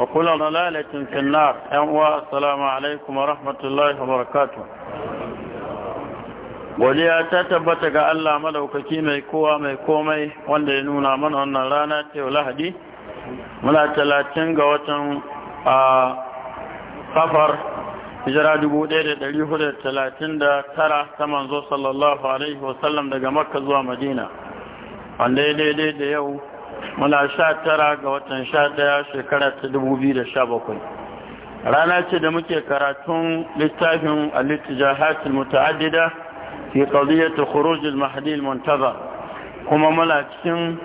وكل ضلالة في النار أموى السلام عليكم ورحمة الله وبركاته ta tabbata ga Allah madaukaki mai kowa mai komai wanda ya nuna mana wannan rana ta Lahadi muna talatin ga watan a safar hijira tara ta manzo sallallahu alaihi wa sallam daga Makka zuwa Madina wanda ya daidai da yau muna sha tara ga watan sha daya shekara ta dubu biyu da sha bakwai rana ce da muke karatun littafin al-ittijahatul muta'addida ke qadiyyat khuruj al-mahdi kuma muna cikin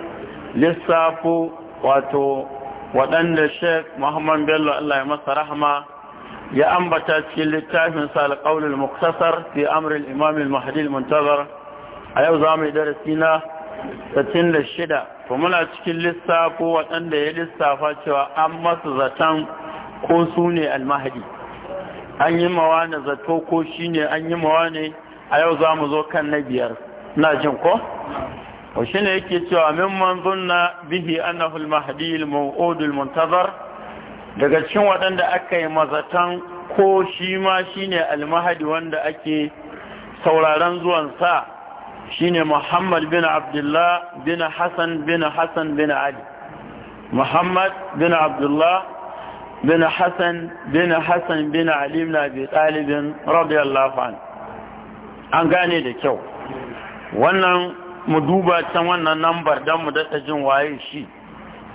lissafo wato waɗanda shek Muhammad Bello Allah ya masa rahama ya ambata cikin littafin sa al muktasar fi amr al-imam al-mahdi al-muntazar a yau zamu darasi na sittin da shida to muna cikin lissafo waɗanda ya lissafa cewa an masu zaton ko su ne almahadi an yi mawa ne zato ko shi ne an yi mawa ne a yau za mu zo kan na biyar na jin ko? wa shi ne yake cewa min manzon na bihi annahu almahadi al muntazar daga cikin waɗanda aka yi mazatan ko shi ma shine almahadi wanda ake sauraron zuwansa shine Muhammad bin Abdullah bin Hassan bin Hassan bin Ali Muhammad bin Abdullah bin Hassan bin Hassan bin Ali ibn Abi Talib radiyallahu anhu an gane da kyau wannan mu duba can wannan lambar dan mu dada jin waye shi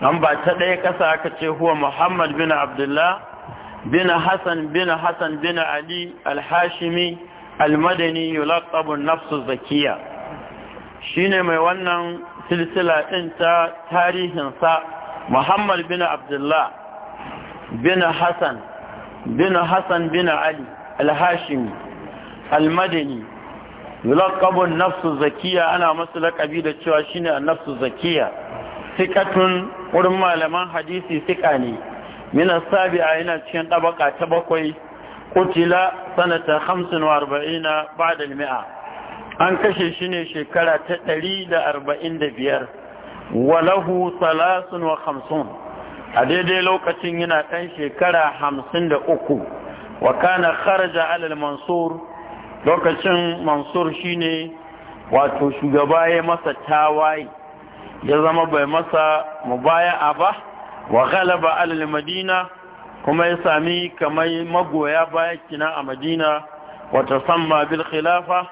lamba ta ɗaya ƙasa aka ce huwa Muhammad bin Abdullah bin Hassan bin Hassan bin Ali al-Hashimi al-Madani yulaqabu an-nafs az-zakiyya shine mai wannan silsila ɗin ta tarihinsa muhammad bin abdullah bin hassan bin hassan bin ali alhashimi almadani yulaqabun nafsu zakiya ana masu lakabi da cewa shine nafsu zakiya sikatun wurin malaman hadisi sika ne min sabi'a yana cikin ɗabaka ta bakwai kutila sanata 45 ba'da al-mi'a an kashe shi ne shekara ta ɗari da arba'in da biyar. walahu salasun wa hamsin a daidai lokacin yana ɗan shekara hamsin da uku. wa kana kharaja alal mansur lokacin mansur shine wato shugaba ya masa tawaye ya zama bai masa a ba wa ghalaba alal madina kuma ya sami kamar magoya baya kina a madina wata samma bil khilafa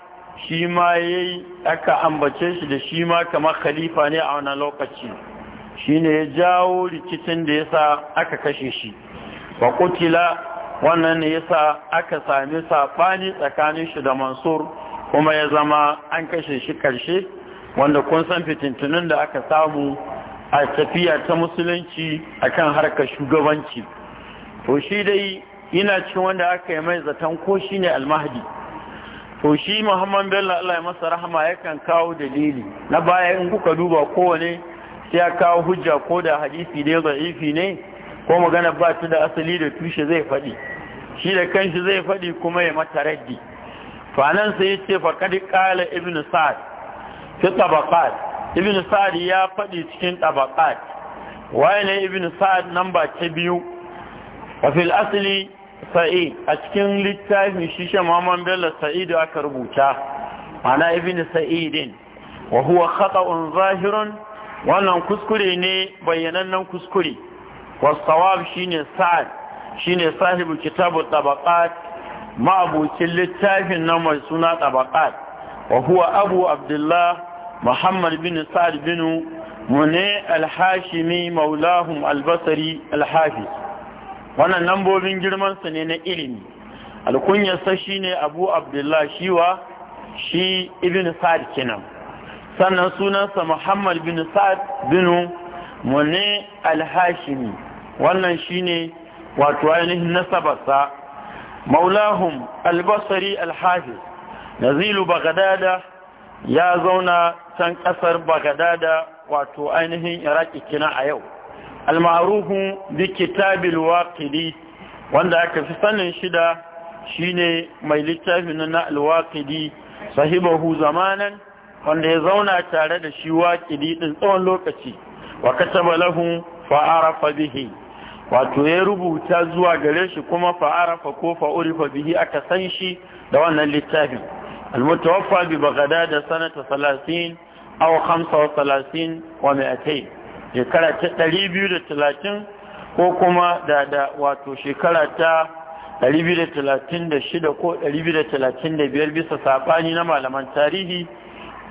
shi ma yayi aka ambace shi da shi ma kamar khalifa ne a wannan lokaci shi ne ya jawo rikicin da ya sa aka kashe shi ba kutila wannan ne ya sa aka sami saɓani tsakanin shi da Mansur kuma ya zama an kashe shi karshe wanda kun san fitintunin da aka samu a tafiya ta musulunci akan harkar shugabanci to shi dai ina cin wanda aka yi mai zaton ko shine almahadi to shi muhammad bello allah ya masa rahama yakan kawo dalili na baya in kuka duba kowane sai ya kawo hujja ko da hadisi ne za'ifi ne ko magana ba ta da asali da tushe zai faɗi shi da kanshi zai faɗi kuma ya mata raddi fanan sai yace fa kad qala ibn Sa'ad, fi tabaqat ibn sa'd ya faɗi cikin tabaqat waye ne ibn sa'd namba ta biyu wa fil asli sa'i a cikin littafin shishan Maman Muhammad Bello Sa'idu aka rubuta ana ibn Sa'idin wa huwa khata'un zahirun wannan kuskure ne bayyanannen kuskure wa sawab shine Sa'ad shine sahibu kitabu tabaqat ma'abucin littafin nan mai suna tabaqat wa huwa Abu Abdullah Muhammad bin Sa'ad bin Mune Alhashimi hashimi maulahum al wannan lambobin girmansa ne na ilimi alkunyarsa shi ne abu abdullah shiwa shi ibn sa'ad kenan sannan sunansa muhammad bin sa'ad bin mune alhashimi wannan shi ne wato ainihin nasabarsa maulahum albasari alhafiz nazilu bagadada ya zauna can kasar bagadada wato ainihin iraki kina a yau al-ma'rufu bi kitabil waqidi wanda aka fi sanin shida shine mai littafin na al sahibahu zamanan wanda ya zauna tare da shi waqidi din tsawon lokaci wa kataba lahu fa arafa bihi wato ya rubuta zuwa gare shi kuma fa arafa ko fa urifa bihi aka san shi da wannan littafin al-mutawaffa bi baghdad sanata 30 aw 35 wa shekara ta ɗari biyu da talatin ko kuma da da wato shekara ta ɗari biyu da talatin da shida ko ɗari biyu da talatin da biyar bisa saɓani na malaman tarihi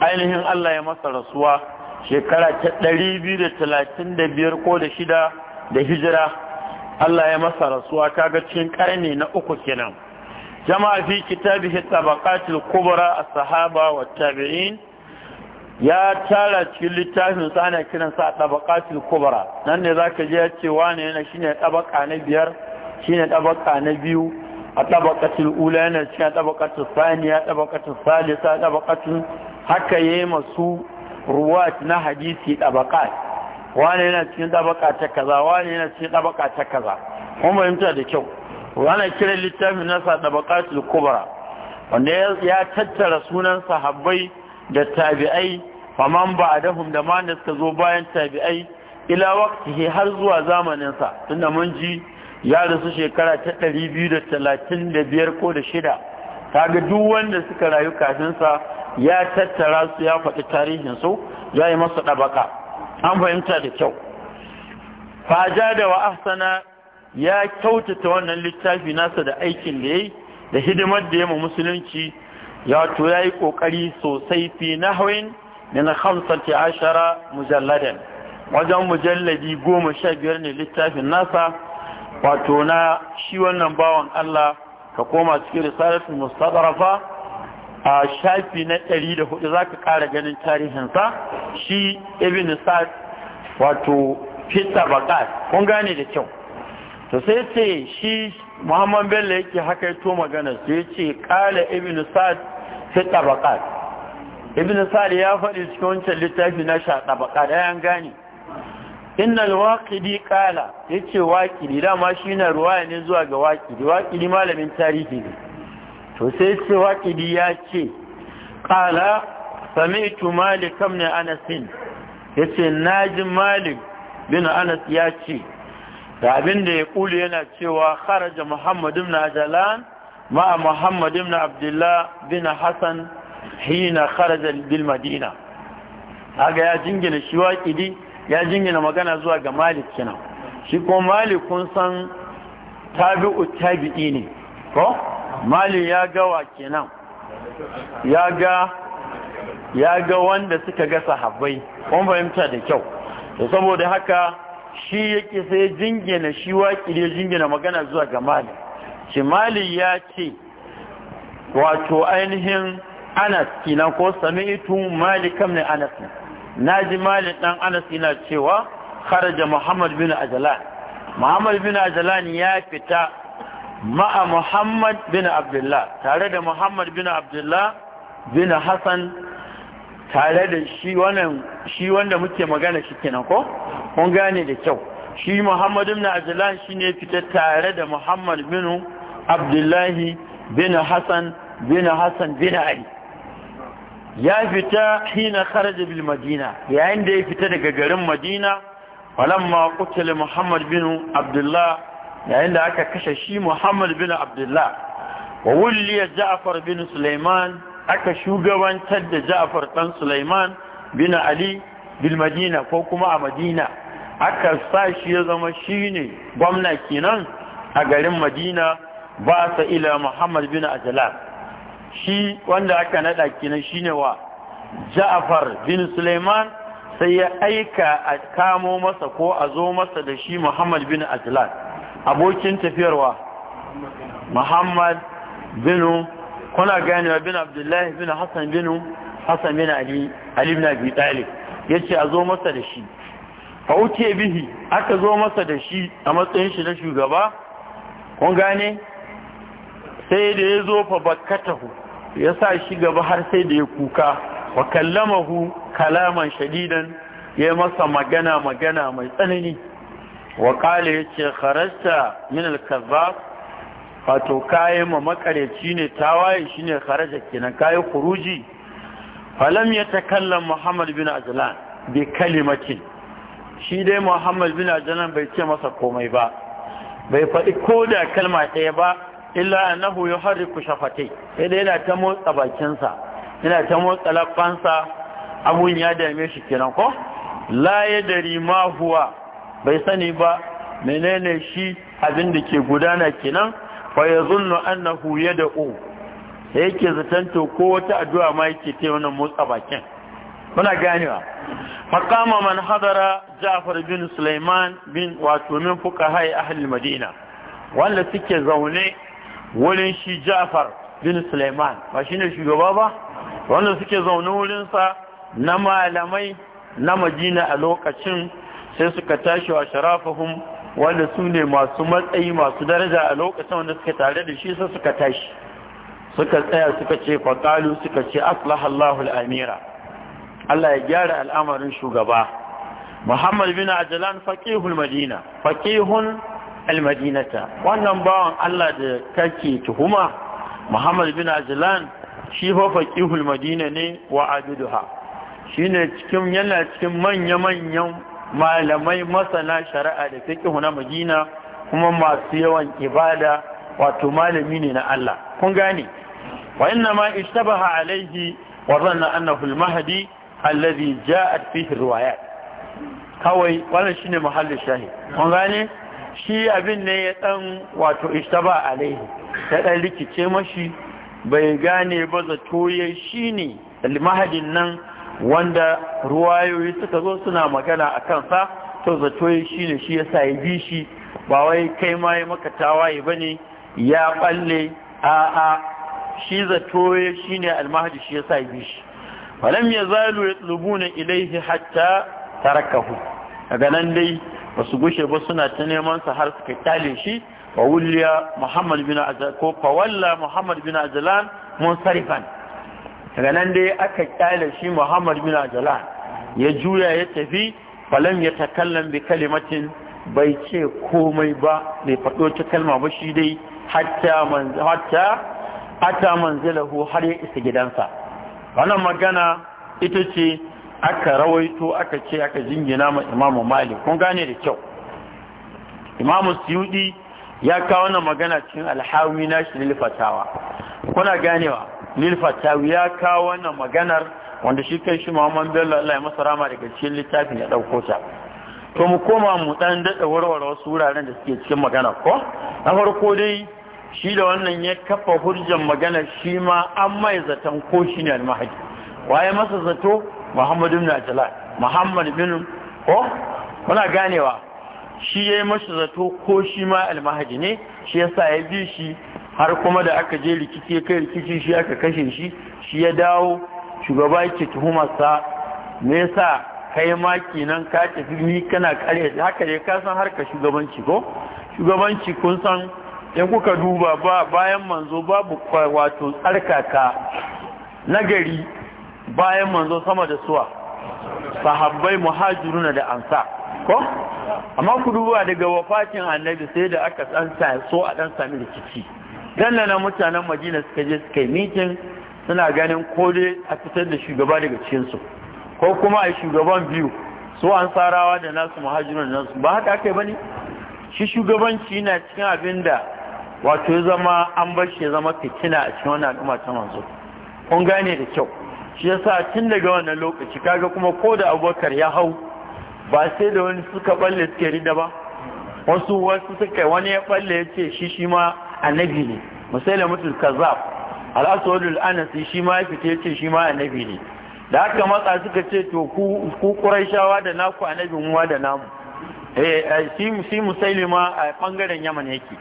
ainihin Allah ya masa rasuwa shekara ta ɗari biyu da talatin da biyar ko da shida da hijira Allah ya masa rasuwa ta ga cikin ƙarni na uku kenan jama'a fi kitabihi tabaqatil kubra as-sahaba wat tabi'in ya tara cikin littafin sa ana kiran sa tabaqatul kubra nan ne zaka je ya ce wane yana shine tabaka na biyar shine tabaka na biyu a tabaqatul ula yana cikin tabaqatul saniya tabaqatul salisa tabaqatul haka yayi masu ruwat na hadisi tabaqat wane yana cikin tabaka ta kaza wane yana cikin tabaka ta kaza kun fahimta da kyau wane kiran littafin nasa tabaqatul kubra wanda ya tattara sunan sahabbai da tabi'ai faman ba'dahum da man suka zo bayan tabi'ai ila waqtihi har zuwa zamaninsa, sa tunda mun ji ya rasu shekara ta 235 ko da shida kaga duk wanda suka rayu kafin sa ya tattara su ya faɗi tarihin su ya yi masa ɗabaka an fahimta da kyau faja da wa ahsana ya kyautata wannan littafi nasa da aikin da yayi da hidimar da ya ma musulunci ya to ya yi ƙoƙari sosai fi na na min hamsati ashara mujalladan wajen mujalladi goma sha biyar ne littafin nasa wato na shi wannan bawan Allah ka koma cikin risalatul mustadrafa a shafi na da 104 zaka ƙara ganin tarihinsa shi ibn sa'd wato fita tabaqat kun gane da kyau ta sai ce shi muhammad bello yake haka yato magana su ya ce kala ibn sa'ad fi tabaqat ibn sa'ad ya faɗi cikin wancan littafi na sha tabaqat ya gane innal waqidi kala ce waƙidi dama shi na ruwaya ne zuwa ga waƙidi waƙidi malamin tarihi ne to sai ce waƙidi ya ce kala sami'tu malik ibn anas yace ji malik bin anas ya ce da abin da ya kuli yana cewa kharaja Muhammad ibn Ajalan ma'a Muhammad ibn Abdullah bin Hassan hina kharaja bil Madina haga ya jingina shi waƙidi ya jingina magana zuwa ga Malik kenan shi ko Malik kun san tabi'u tabi'i ne ko Malik ya ga wa kenan ya ga ya ga wanda suka ga sahabbai kun fahimta da kyau saboda haka shi yake sai jingina shi waƙi ya jingina magana zuwa ga mali shi mali ya ce wato ainihin anas kina ko sami mali kam ne anas ne ji mali dan anas yana cewa kharaja muhammad bin ajlan muhammad bin ajlan ya fita ma'a muhammad bin abdullah tare da muhammad bin abdullah bin hasan tare da shi wannan shi wanda muke magana shi kenan ko kun gane da kyau shi Muhammad ibn Abdullah shine fita tare da Muhammad bin Abdullahi bin Hassan bin Hassan bin Ali ya fita hina kharaja bil Madina yayin da ya fita daga garin Madina walamma qutila Muhammad bin Abdullah yayin da aka kashe shi Muhammad bin Abdullah wa wulliya Ja'far bin Sulaiman aka shugabantar da Ja'far dan Sulaiman bin Ali bil Madina ko kuma a Madina aka sa shi ya zama shine gwamna kenan a garin Madina ba sa ila Muhammad bin Ajlan shi wanda aka nada kenan shine wa Ja'far bin Sulaiman sai ya aika a kamo masa ko a zo masa da shi Muhammad bin Ajlan abokin tafiyarwa Muhammad bin kuna gane bin abdullahi bin hassan bin hassan bin ali ali bin abi talib yace a zo masa da shi fa uke bihi aka zo masa da shi a matsayin shi na shugaba kun gane sai da ya zo fa bakkatahu ya sa shi gaba har sai da ya kuka wa kallamahu kalaman shadidan ya masa magana magana mai tsanani wa kale yace kharasta min al-kazzab wato kayan ma makareci ne tawaye shi ne kharaja kenan kayan kuruji falam ya takallan muhammad bin azlan bi kalimatin shi dai muhammad bin azlan bai ce masa komai ba bai faɗi ko da kalma ɗaya ba illa annahu yuharriku shafatai sai dai yana ta motsa bakinsa yana ta motsa labbansa abun ya dame shi kenan ko la yadari ma huwa bai sani ba menene shi abin da ke gudana kenan fa yazunnu annahu yad'u sai yake zaton to ko wata addu'a ma yake ta wannan motsa bakin kuna ganewa faqama man hadara Ja'far bin Sulaiman bin wato min fuqahai ahli Madina wanda suke zaune wurin shi Ja'far bin Sulaiman ba shine shugaba ba wanda suke zaune wurin sa na malamai na Madina a lokacin sai suka tashi wa sharafahum wanda su ne masu matsayi masu daraja a lokacin wanda suka tare da shi sai suka tashi suka tsaya suka ce faƙalu suka ce aslahallahu al'amira Allah ya gyara al'amarin shugaba Muhammad bin Ajalan Faƙihun Madina Faƙihun al wannan bawan Allah da kake tuhuma Muhammad bin Ajalan shi fa Faƙihun Madina ne wa abiduha shine cikin yana cikin manya-manyan malamai masana shari'a da fiqh huna magina kuma masu yawan ibada wato malami ne na Allah kun gane wa inna ma ishtabaha alaihi wa zanna annahu al-mahdi alladhi ja'at fihi riwayat kawai wannan shine muhallin shahid kun gane shi abin ne ya dan wato ishtaba alaihi ya ɗan rikice mashi bai gane ba zato ya shine al nan wanda ruwayoyi suka zo suna magana a kansa to zato shi ne shi ya sa ya bi shi ba wai kai ma ya maka tawaye ba ne ya balle a'a shi zato shi ne almahadi shi ya sa ya bi shi falam ya zalu ya na ilaihi hatta tarakahu daga nan dai ba su gushe ba suna ta neman sa har suka kyale shi wa wuliya muhammad bin azalan ko fawalla muhammad bin azalan munsarifan daga nan dai aka kyale shi muhammad bin ajalan ya juya ya tafi falam ya takallan bi kalimatin bai ce komai ba bai faɗo ta kalma ba shi dai hatta hatta manzilahu har ya isa gidansa wannan magana ita ce aka rawaito aka ce aka jingina ma imamu malik kun gane da kyau imamu suyudi ya kawo wannan magana cikin alhami na shi lilfatawa kuna ganewa lilfatawi ya kawo wannan maganar wanda shi kai shi Muhammad Bello Allah ya masa rama daga cikin littafin ya dauko ta to mu koma mu dan dada warware wasu wuraren da suke cikin magana ko na farko dai shi da wannan ya kafa hujjar magana shi ma an mai zaton ko shi ne almahadi waye masa zato Muhammad ibn Jalal, Muhammad ibn ko kuna ganewa shi yayi masa zato ko shi ma almahadi ne shi yasa ya bi shi har kuma da aka je rikici ya kai rikici shi aka kashe shi shi ya dawo shugaba yake tuhumarsa me yasa kai ma kenan ka tafi ni kana kare haka ne ka san harka shugabanci ko shugabanci kun san in kuka duba ba bayan manzo babu wato tsarkaka nagari bayan manzo sama da suwa sahabbai muhajiruna da ansa ko amma ku duba daga wafatin annabi sai da aka dan so a dan sami rikici nan mutanen madina suka je suka yi mitin suna ganin ko dai a fitar da shugaba daga cikinsu ko kuma a shugaban biyu su an tsarawa da nasu muhajirun nasu ba haka aka yi ba ne shi shugabanci na cikin abinda da wato ya zama an bar shi ya zama fitina a cikin wannan al'umma ta manzo kun gane da kyau shi yasa tun daga wannan lokaci kaga kuma ko da abubakar ya hau ba sai da wani suka balle suke rida ba wasu wasu suka wani ya balle ya ce shi shi ma annabi ne musailamatul kazzab al-aswadul anasi shi ma ya ce shi ma annabi ne da aka matsa suka ce to ku ku quraishawa da naku annabin uwa da namu eh, eh shi shi musailima a bangaren yaman yake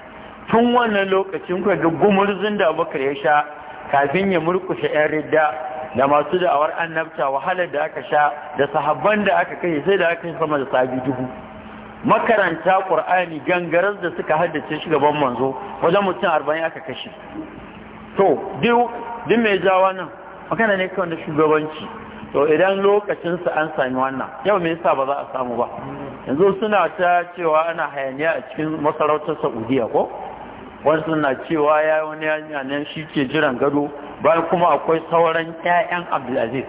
tun wannan lokacin ku ga gumurzin da Abubakar ya sha kafin ya murkushe yan ridda da masu da'awar annabta wahalar da aka sha da sahabban da aka kai sai da aka yi sama da sabi dubu makaranta ƙur'ani gangarar da suka haddace shi gaban manzo wajen mutum arba'in aka kashe to duk duk mai jawa nan makana ne kawai da shugabanci to idan lokacinsa an sami wannan yau me yasa ba za a samu ba yanzu suna ta cewa ana hayaniya a cikin masarautar saudiya ko wani suna cewa ya wani yanayin shi ke jiran gado bayan kuma akwai sauran 'ya'yan abdulaziz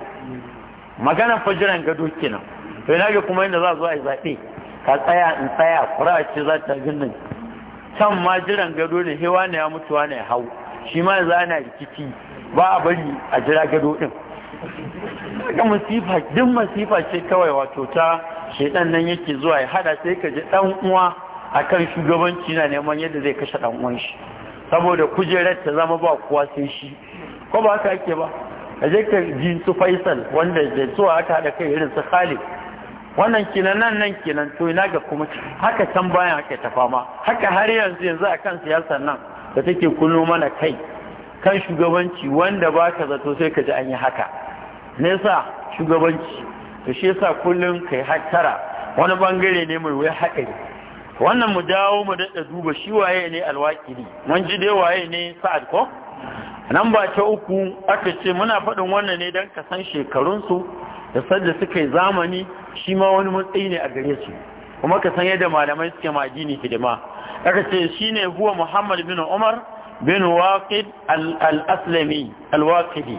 magana fa jiran gado kenan to yana ga kuma yadda za a zo a yi zaɓe ka tsaya in tsaya kura ce za ta ginin can ma jiran gado ne hewa ne ya mutuwa ne hau shi ma yanzu ana rikici ba a bari a jira gado din ga masifa duk masifa ce kawai wato ta shaidan nan yake zuwa ya hada sai ka ji dan uwa akan shugabanci na neman yadda zai kashe dan uwan shi saboda kujerar ta zama ba kowa sai shi ko ba haka ake ba a je ka ji su faisal wanda zai zuwa aka haɗa kai irin su khalid wannan kinan nan nan kinan to ina ga kuma haka can bayan haka ta fama haka har yanzu yanzu akan siyasar nan da take kullo mana kai kan shugabanci wanda ba ka zato sai ka ji an yi haka nesa shugabanci to shi yasa kullum kai hattara wani bangare ne mai wuya haɗari wannan mu dawo mu daɗa duba shi waye ne alwakili mun ji dai waye ne sa'ad ko nan ba ta uku aka ce muna faɗin wannan ne don ka san shekarunsu da sanda suka yi zamani shi ma wani matsayi ne a gare su kuma ka san yadda malamai suke ma addini hidima aka ce ne huwa Muhammad bin Umar bin Waqid al-Aslami al-Waqidi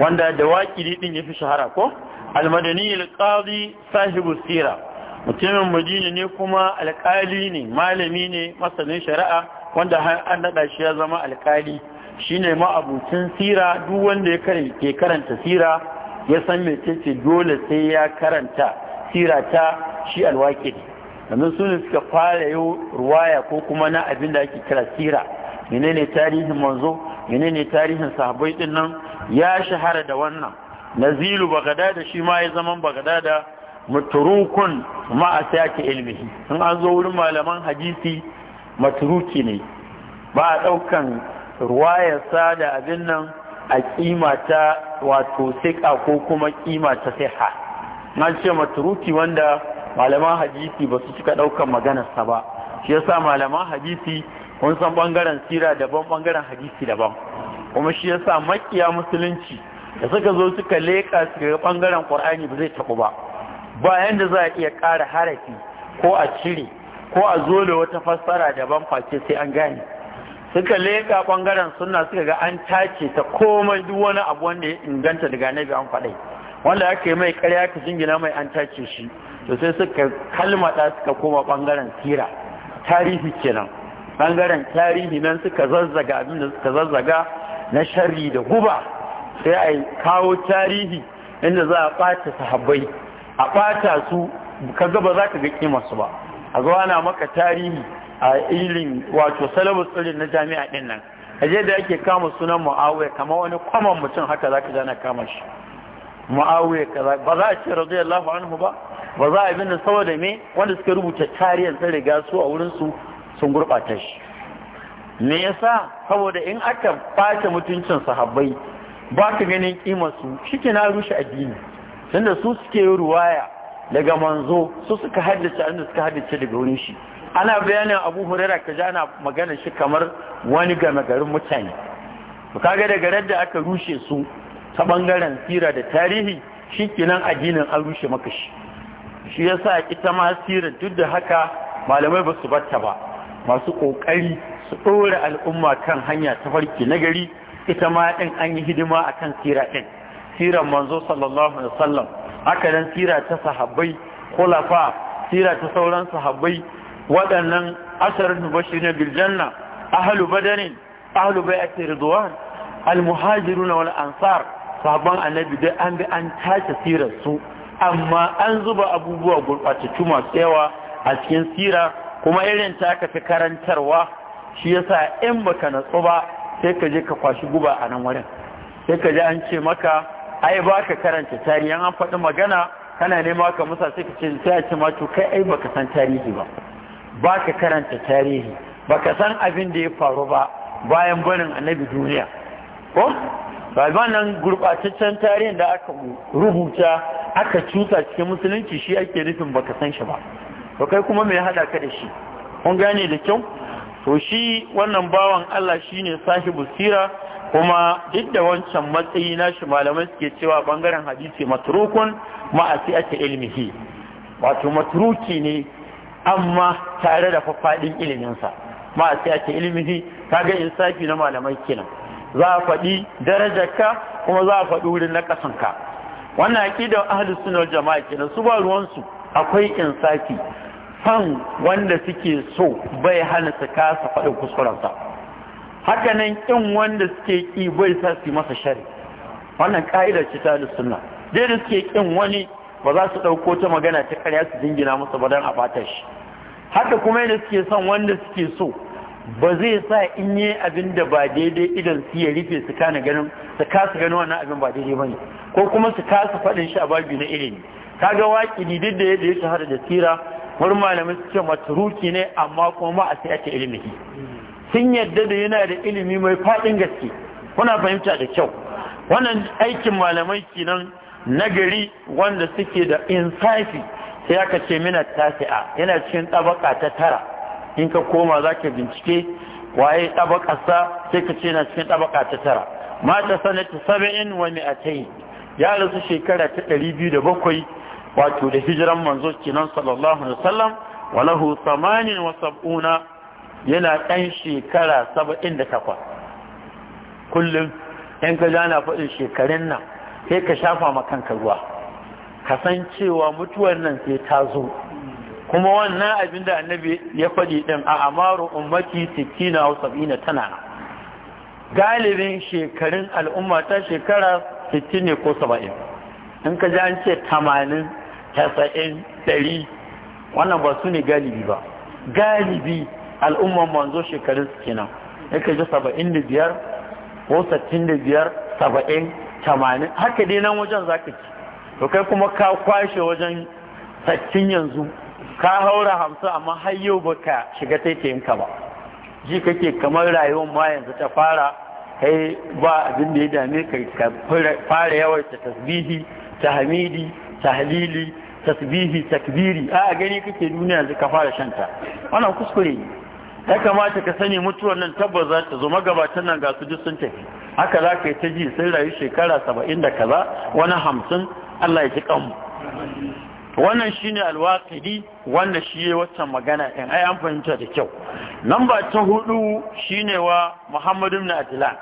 wanda da Waqidi din yafi shahara ko al-Madani al-Qadi sahibu sira mutumin Madina ne kuma alƙali ne malami ne masanin shari'a wanda an nada shi ya zama alƙali shine ma abucin sira duk wanda ya ke karanta sira ya san mecece dole sai ya karanta sira ta shi alwaƙi sannan su suka fara yau ruwaya ko kuma na abin da ake kira sira menene tarihin manzo menene tarihin sahabbai din nan ya shahara da wannan nazilu bagadada shi ma ya zaman da maturukun ma a sake ilmihi in an zo wurin malaman hadisi maturuki ne ba a ɗaukan ruwayarsa da abin nan a kima ta wato sika ko kuma kima ta siha na ce maturuki wanda malaman hadisi ba su cika ɗaukar maganarsa ba shi yasa malaman hadisi kun san bangaren sira daban bangaren hadisi daban kuma shi yasa makiya musulunci da suka zo suka leƙa su ga bangaren qur'ani ba zai taɓu ba bayan da za a iya ƙara harafi ko a cire ko a zo wata fassara daban face sai an gane suka leƙa ɓangaren suna suka ga an tace ta komai duk wani abu wanda ya inganta daga nabi an faɗai wanda aka yi mai ƙarya ka jingina mai an tace shi to sai suka kalmata suka koma ɓangaren sira tarihi kenan ɓangaren tarihi nan suka zazzaga abin suka zazzaga na sharri da guba sai a kawo tarihi inda za a ɓata sahabbai a ɓata su ka gaba za ka ga kimarsu ba a zuwa ana maka tarihi a ilin wato salabus ɗin na jami'a ɗin nan aje da ake kama sunan mu'awai, kama wani kwaman mutum haka za ka zana kama shi Mu'awai, kaza ba za a ce yallahu anhu ba ba za a binne saboda me wanda suka rubuta tarihin sun riga su a wurin su sun gurɓata shi me yasa saboda in aka ɓata mutuncin sahabbai ba ka ganin kimar su shike na rushe addini tunda su suke ruwaya daga manzo su suka haddace inda suka haddace daga wurin shi ana bayanin abu hurera ka ja ana magana shi kamar wani game garin mutane ka kaga daga radda aka rushe su ta bangaren sira da tarihi shi kinan addinin an rushe maka shi shi ya sa ita ma sira duk da haka malamai ba su batta ba masu ƙoƙari su ɗora al'umma kan hanya ta farki na gari ita ma ɗin an yi hidima a kan sira ɗin siran manzo sallallahu alaihi wasallam haka nan sira ta sahabbai kulafa sira ta sauran sahabbai waɗannan asarar nubashi na biljanna ahalu badanin ahalu bai ake ridwan almuhajiru na wani ansar sabon annabi dai an bi an tace sirar su amma an zuba abubuwa gurɓatattu masu yawa a cikin sira kuma irin ta ka fi karantarwa shi ya sa in baka natsu ba sai ka je ka kwashi guba a nan wurin sai ka ji an ce maka ai ba ka karanta tarihi an faɗi magana kana nema ka musa sai ka ce sai a ce ma to kai ai baka san tarihi ba ba ka karanta tarihi ba ka san abin da ya faru ba bayan barin annabi duniya ko ba nan gurɓataccen tarihin da aka rubuta aka cuta cikin musulunci shi ake nufin ba ka san shi ba to kai kuma mai haɗa ka da shi kun gane da kyau to shi wannan bawan Allah shi ne sahibu sira kuma duk da wancan matsayi na shi malamai suke cewa bangaren hadisi matrukun ma'asi ake ilmihi wato matruki ne amma tare da faɗin iliminsa ma a sai ake ilimihi ga insafi na malamai kenan za a faɗi ka kuma za a faɗi wurin na ƙasanka wannan da ahalus sunar jama'a kenan su ba ruwansu akwai insafi fan wanda suke so bai hana su kasa faɗin kuskurensa hakanan in ƙin wanda suke ƙi bai sa su yi masa shari wannan ƙa'idar ce ta suna, dai da suke ƙin wani ba za su ɗauko ta magana ta karya su jingina musu ba don a fata shi haka kuma yadda suke son wanda suke so ba zai sa in yi abin da ba daidai idan su ya rufe su kana ganin su kasa gani wannan abin ba daidai ba ne, ko kuma su kasa faɗin shi a babi na ilimi kaga waƙi ni duk da yadda ya shahara da tsira wani malamai su ce maturuki ne amma kuma ma a sai ake ilimi sun yadda da yana da ilimi mai faɗin gaske kuna fahimta da kyau wannan aikin malamai kenan nagari wanda suke da insafi sai aka ce mina tasi'a yana cikin tabaka ta tara in ka koma za ka bincike waye tabakarsa sai ka ce yana cikin tabaka ta tara mata sanata saba'in wa mi'atai ya rasu shekara ta ɗari biyu da bakwai wato da hijiran manzo kenan sallallahu alaihi wasallam wa lahu samanin wa sab'una yana ɗan shekara saba'in da takwas kullum in ka jana faɗin shekarun nan sai ka shafa ma kanka ruwa ka san cewa mutuwar nan sai ta zo kuma wannan abin da annabi ya faɗi ɗin a amaru ummati sittina wa sab'ina tana galibin shekarun al'umma ta shekara sittin ne ko saba'in in ka ji an ce tamanin tasa'in ɗari wannan ba su ne galibi ba galibi al'umman manzo shekarun su kenan in ka ji saba'in da biyar ko sittin da biyar saba'in tamanin haka dai nan wajen za ka ci to kai kuma ka kwashe wajen sattin yanzu ka haura hamsin amma har yau ba ka shiga ka ba ji kake kamar rayuwar ma yanzu ta fara kai ba abin da ya dame ka fara yawar ta tasbihi ta hamidi ta halili tasbihi takbiri a gani kake duniya yanzu ka fara shanta wannan kuskure ne ya kamata ka sani mutuwar nan tabbas za ta zo magabatan nan ga su duk sun tafi haka za ka yi ta ji sun rayu shekara saba'in da kaza wani hamsin Allah ya ji kanmu wannan shi ne alwakidi wanda shi yi waccan magana ɗin ai an fahimta da kyau nan ba ta hudu shi ne wa muhammadu na adila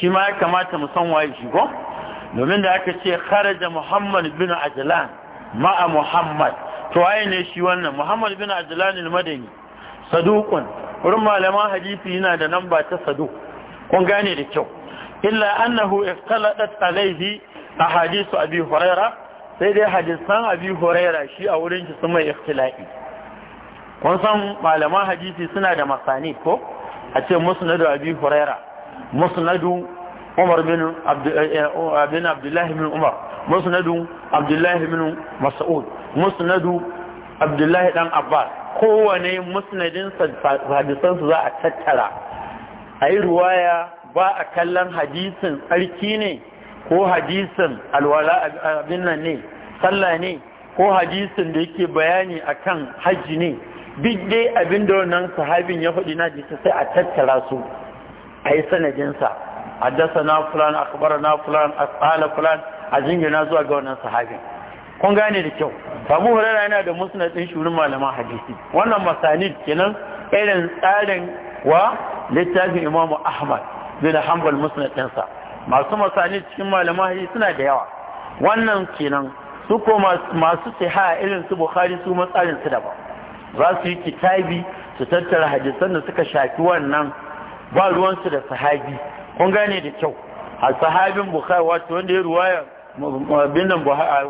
shi ma ya kamata mu san waye shi ko domin da aka ce kharaja muhammad bin ma ma'a muhammad to waye ne shi wannan muhammad bin adilan al-madani saduqun wurin malaman hadisi yana da namba ta saduq kun gane da kyau illa annahu ikhtalatat alayhi ahadithu abi huraira sai dai hadisan abi huraira shi a wurin shi sun mai ikhtilafi kun san malaman hadisi suna da masani ko a ce musnadu abi huraira musnadu umar bin eh, bin abdullahi bin umar musnadu abdullahi bin mas'ud musnadu abdullahi dan abbas kowane musnadin hadisansu za a tattara a yi ruwaya ba a kallon hadisin tsarki ne ko hadisin alwala abin nan ne sallah ne ko hadisin da yake bayani akan hajji ne duk dai abin da wannan sahabin ya faɗi na jisa sai a tattara su a yi sanadinsa dasa na fulan akbar na fulan tsala fulan a jingina zuwa ga wannan sahabin kun gane da kyau samu hurara yana da musnadin shurin malaman hadisi wannan masanid kenan irin tsarin wa littafin imamu ahmad bin hanbal musnad masu masani cikin malaman hadisi suna da yawa wannan kenan su ko masu siha irin su bukhari su matsalin su daban za su yi kitabi su tattara hadisan da suka shafi wannan ba ruwan su da sahabi kun gane da kyau a sahabin bukhari wato wanda ya ruwaya binnan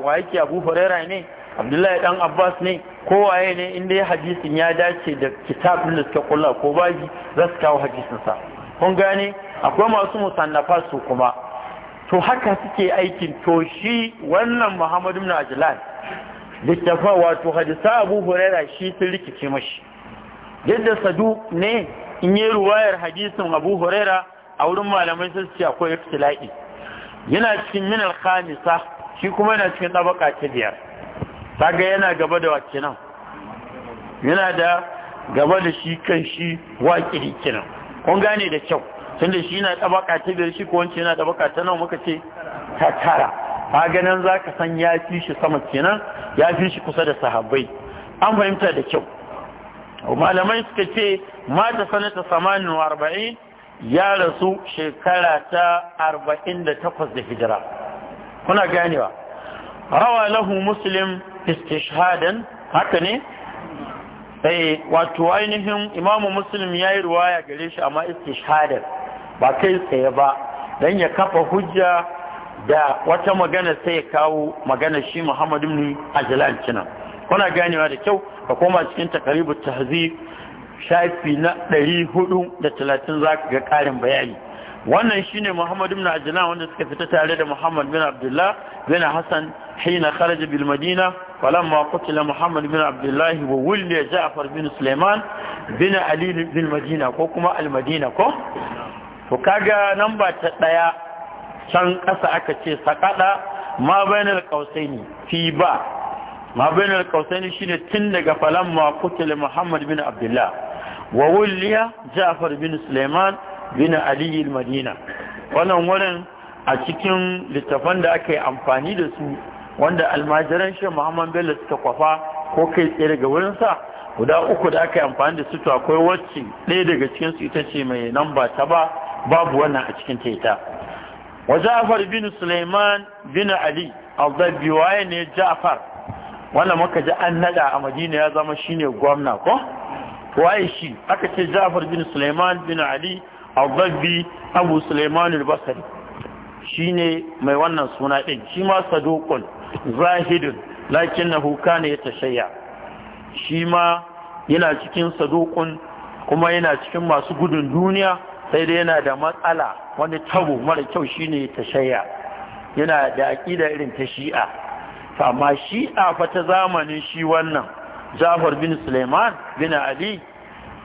wa yake abu huraira ne abdullahi dan abbas ne ko kowaye ne inda ya hadisin ya dace da kitabin da suka kulla ko baji za su kawo hadisinsa kun gane akwai masu musannafa su kuma to haka suke aikin to shi wannan Muhammad ibn Ajlan littafa wato hadisa Abu Huraira shi sun rikice mashi Duk da sadu ne in yi ruwayar hadisin Abu Huraira a wurin malamai sun ce akwai iftila'i yana cikin min al-khamisa shi kuma yana cikin tabaka ta biyar kaga yana gaba da wace nan yana da gaba da shi kan shi waƙiri kenan kun gane da kyau tunda shi na tabaka ta biyar shi ko wance yana tabaka ta nan muka ce ta tara ka ganin zaka san ya fi shi sama kenan ya fi shi kusa da sahabbai an fahimta da kyau malamai suka ce mata sanata samanin arba'in ya rasu shekara ta arba'in da takwas da hijira kuna ganewa rawa lahu muslim istishhadan haka ne eh, wato ainihin imamu muslim ya yi ruwaya gare shi amma istishhadan ba kai tsaye ba dan ya kafa hujja da wata magana sai ya kawo magana shi Muhammad ibn Ajlan kina kuna ganewa da kyau ka koma cikin takaribu tahzib shafi na da talatin zaka ga ƙarin bayani wannan shine Muhammad ibn Ajlan wanda suka fita tare da Muhammad bin Abdullah bin Hassan hina kharaja bil Madina falamma qutila Muhammad bin Abdullah wa wulli Ja'far bin Sulaiman bin Ali bin Madina ko kuma al Madina ko to kaga nan ba ta ɗaya can ƙasa aka ce saƙaɗa ma bainar ƙausaini fi ba ma bainar ƙausaini shine tun daga falamma kutul muhammad bin abdullah wa wulliya ja'far bin suleiman bin ali madina wannan wurin a cikin littafan da aka yi amfani da su wanda almajiran shi muhammad bello suka kwafa ko kai tsaye daga wurinsa guda uku da aka yi amfani da su to akwai wacce ɗaya daga cikinsu ita ce mai namba ta ba babu wannan a cikin taita wa ja'far bin sulaiman bin ali al-dabbi waye ne ja'far wannan muka ji an nada a madina ya zama shine gwamna ko waye shi aka ce ja'far bin sulaiman bin ali al-dabbi abu sulaiman al-basri shine mai wannan suna din shi ma saduqun zahidun lakinnahu kana yatashayya shi ma yana cikin saduqun kuma yana cikin masu gudun duniya sai dai yana da matsala wani tabo mara kyau shi ne shine shayya yana da aƙida irin ta shi'a amma shi'a fa ta zamanin shi wannan Jafar bin Suleiman bin Ali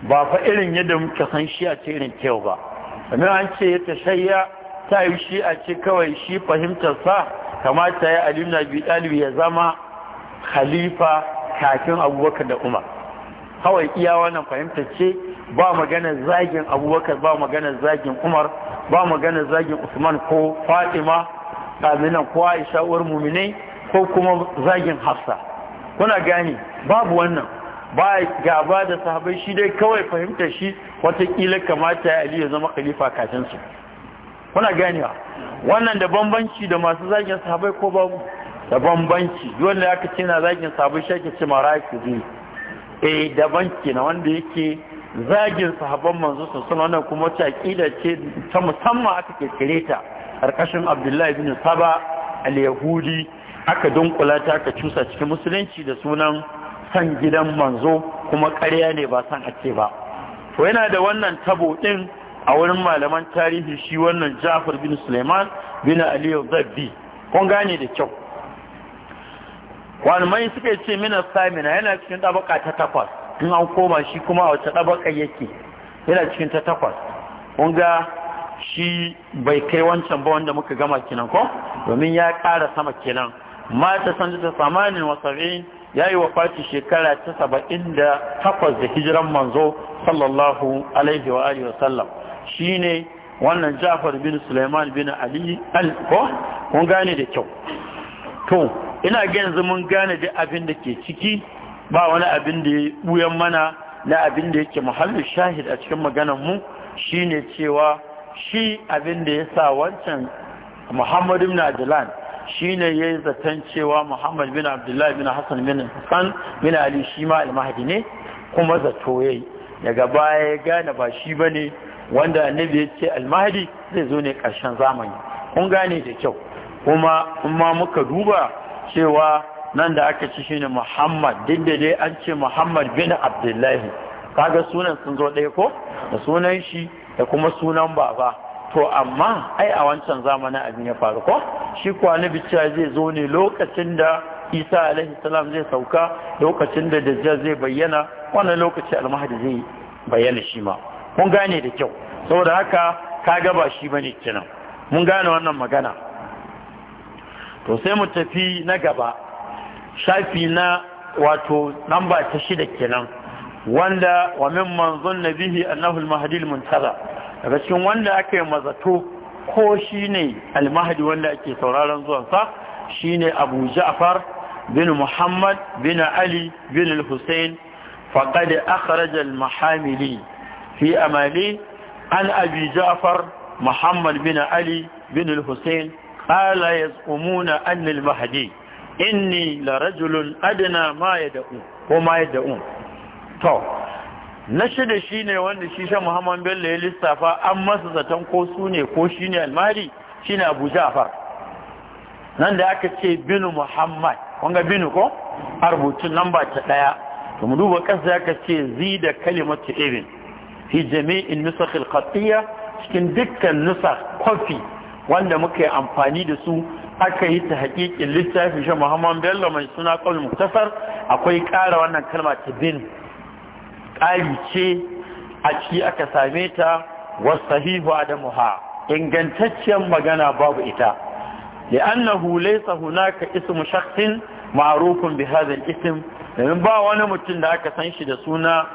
ba fa irin yadda muka san shi'a ce irin ta ba amma an ce tashayya ta yi shi'a ce kawai shi fahimtar sa kamata ya Ali na biyu ɗalibi ya zama khalifa kafin Abubakar da Umar kawai iya wannan fahimtar ce ba maganar zagin abubakar ba maganar zagin umar ba maganar zagin usman ko fatima aminan ko aisha uwar mumine ko kuma zagin hafsa kuna gani babu wannan ba gaba da sahabai shi dai kawai fahimtar shi watakila kamata ali ya zama khalifa kafin su kuna ganewa wannan da bambanci da masu zagin sahabai ko babu da bambanci wanda aka ce na zagin sahabai shi ake ce maraki eh daban kenan wanda yake zagin sahabban manzo sun wannan kuma ta kida ce ta musamman aka kirkire ta Karkashin abdullahi bin saba al-yahudi aka dunkula ta aka cusa cikin musulunci da sunan san gidan manzo kuma ƙarya ne ba san ake ba to yana da wannan tabo ɗin a wurin malaman tarihi shi wannan jafar bin suleiman bin aliyu zabbi kun gane da kyau mai suka ce mina samina yana cikin ɗabaka ta takwas in an koma shi kuma a wata ɗabaƙa yake yana cikin ta takwas kun ga shi bai kai wancan ba wanda muka gama kenan ko domin ya ƙara sama kenan mata san ta samanin wasarin ya yi wafati shekara ta saba'in da takwas da hijiran manzo sallallahu alaihi wa alihi wasallam shi ne wannan jafar bin suleiman bin ali ko kun gane da kyau to ina ga yanzu mun gane da abin da ke ciki ba wani abin da ya buyan mana na abin da yake muhallin shahid a cikin maganar mu shine cewa shi abin da ya sa wancan Muhammad ibn Ajlan shine yayi zaton cewa Muhammad bin Abdullah bin Hassan bin Hassan bin Ali shi ma al-Mahdi ne kuma zato yayi daga baya ya gane ba shi bane wanda annabi ya ce al-Mahdi zai zo ne ƙarshen zamani kun gane da kyau kuma kuma muka duba cewa nan da aka ci shine muhammad duk da dai an ce muhammad bin abdullahi kaga sunan sun zo ɗaya ko da sunan shi da kuma sunan baba to amma ai a wancan zamanin abin ya faru ko shi kuwa na bicciya zai zo ne lokacin da isa alaihi salam zai sauka lokacin da dajjal zai bayyana wannan lokaci almahdi zai bayyana shi ma kun gane da kyau saboda haka kaga ba shi bane kenan mun gane wannan magana to sai mu tafi na gaba shafi na wato namba ta shida kenan wanda wa min manzon nabihi annahu al-mahdi al-muntaza daga cikin wanda aka yi mazato ko shine al-mahdi wanda ake sauraron zuwan sa shine Abu Ja'far bin Muhammad bin Ali bin al-Husayn faqad akhraja al-mahamili fi amali an Abi Ja'far Muhammad bin Ali bin al-Husayn qala yaz'umuna anna al inni la rajulun adana ma ya da'u ko ma ya da'u to na shida shi ne wanda shi shan Muhammadu bello ya lissafa an masa zaton ko su ne ko shi ne almari shi ne abu ja'far nan da aka ce binu muhammad wanga binu ko a rubutun lamba ta ɗaya to mu duba ƙasa ya ce zi da kalimatu ibn fi jami'in nusakh al cikin dukkan nusa kwafi wanda muka yi amfani da su aka yi ta haƙiƙin littafin shi muhammad bello mai suna ƙwal muktasar akwai ƙara wannan kalma ta bin ƙari ce a ciki aka same ta wasahihu ha. ingantacciyar magana babu ita li'annahu laysa hunaka ismu shakhsin ma'rufun bi hadha al-ism domin ba wani mutum da aka san shi da suna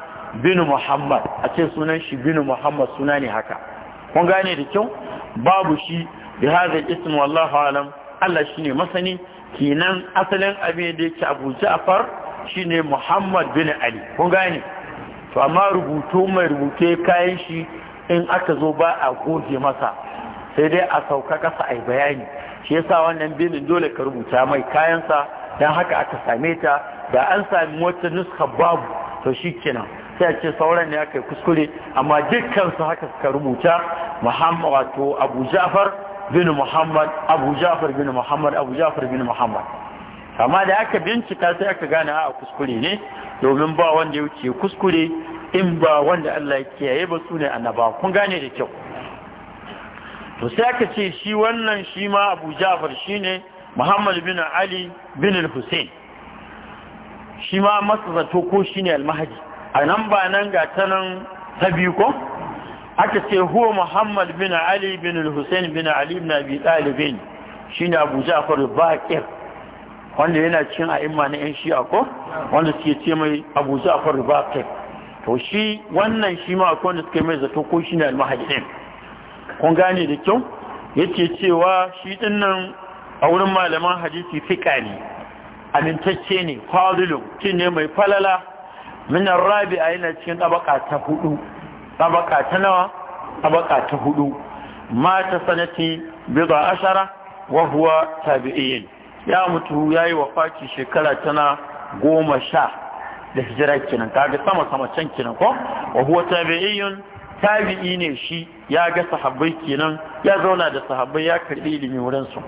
bin muhammad a ce sunan shi bin muhammad suna ne haka kun gane da kyau babu shi bi hadha al-ism wallahu alam Allah shine masani kenan asalin abin da yake Abu Ja'far ne Muhammad bin Ali kun gane to amma rubutu mai rubuce kayan shi in aka zo ba a goge masa sai dai a sauka kasa yi bayani shi yasa wannan binin dole ka rubuta mai kayansa dan haka aka same ta da an sami wata nuska babu to kenan. sai a ce sauran ne aka yi kuskure amma dukkan su haka suka rubuta Muhammad wato Abu Ja'far bin muhammad abu jafar bin muhammad abu jafar bin muhammad amma da aka bincika sai aka gane a kuskure ne domin ba wanda ya wuce kuskure in ba wanda Allah ya kiyaye ba sune annaba kun gane da kyau to sai aka ce shi wannan shi ma abu jafar shi ne muhammad bin ali bin hussein shi ma masa zato ko shine ne almahadi a nan ba nan ga tanan ko aka ce huwa muhammad bin ali bin hussein bin ali bin abi shi shine abu ja'far baqir wanda yana cikin a'imma na yan shi'a ko wanda suke ce mai abu ja'far baqir to shi wannan shi ma akwai wanda suke mai zato ko shine al-mahajjin kun gane da kyau yake cewa shi dinnan a wurin malaman hadisi fika ne amintacce ne fadilu ne mai falala min rabi'a yana cikin ɗabaka ta hudu tabaka ta nawa tabaka ta hudu mata sanati bid'a ashara wa huwa tabi'in ya mutu yayi wafaki shekara tana goma sha da hijira kenan kaga sama sama can kenan ko wa huwa tabi'in tabi'i ne shi ya ga sahabbai kenan ya zauna da sahabbai ya karbi ilimi wurin su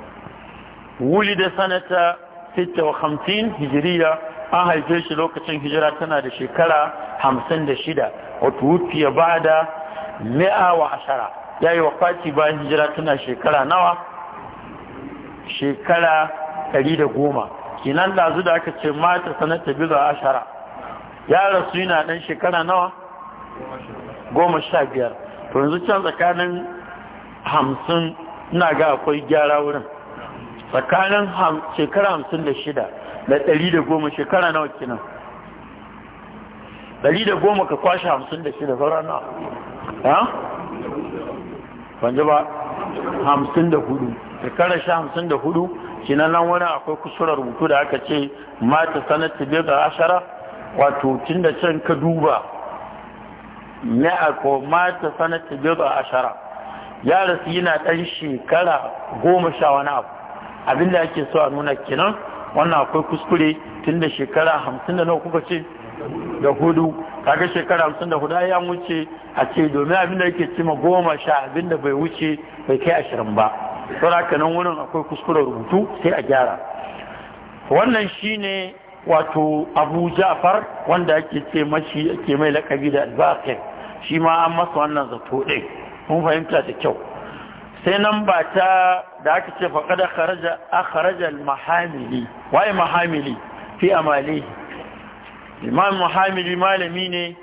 da sanata 56 hijiriya an haife shi lokacin hijira tana da shekara 56 watuwufiya ba da mi'a wa ashara ya yi wafati bayan hijira tana shekara nawa shekara ɗari da goma kinan lazu da aka ce mata sanata biyu ashara ya rasu yana ɗan shekara nawa goma sha biyar to yanzu tsakanin hamsin na ga akwai gyara wurin tsakanin shekara hamsin da shida da ɗari da goma shekara nawa kinan Dari da goma ka kwashe hamsin da shida sauran na ya? wanda ba hamsin da hudu ka karashi hamsin da hudu shi nan wani akwai kusurar rubutu da aka ce mata sanar ta biyar da ashara wato tun da can ka duba ne a ko mata sanar ta biyar da ashara ya rasu yana ɗan shekara goma sha wani abu abinda ake so a nuna kenan wannan akwai kuskure tun da shekara hamsin da nawa kuka ce da hudu kaga shekara hamsin da hudu ya wuce a ce domin abin da yake cima goma sha abin da bai wuce bai kai ashirin ba saboda haka nan wurin akwai kuskuren rubutu sai a gyara wannan shine wato abu ja'far wanda ake ce mashi ake mai lakabi da albaqir shi ma an masa wannan zato ɗin mun fahimta da kyau sai nan ba ta da aka ce faƙada a kharaja al-mahamili waye mahamili fi amalihi imam muhammadi malami ne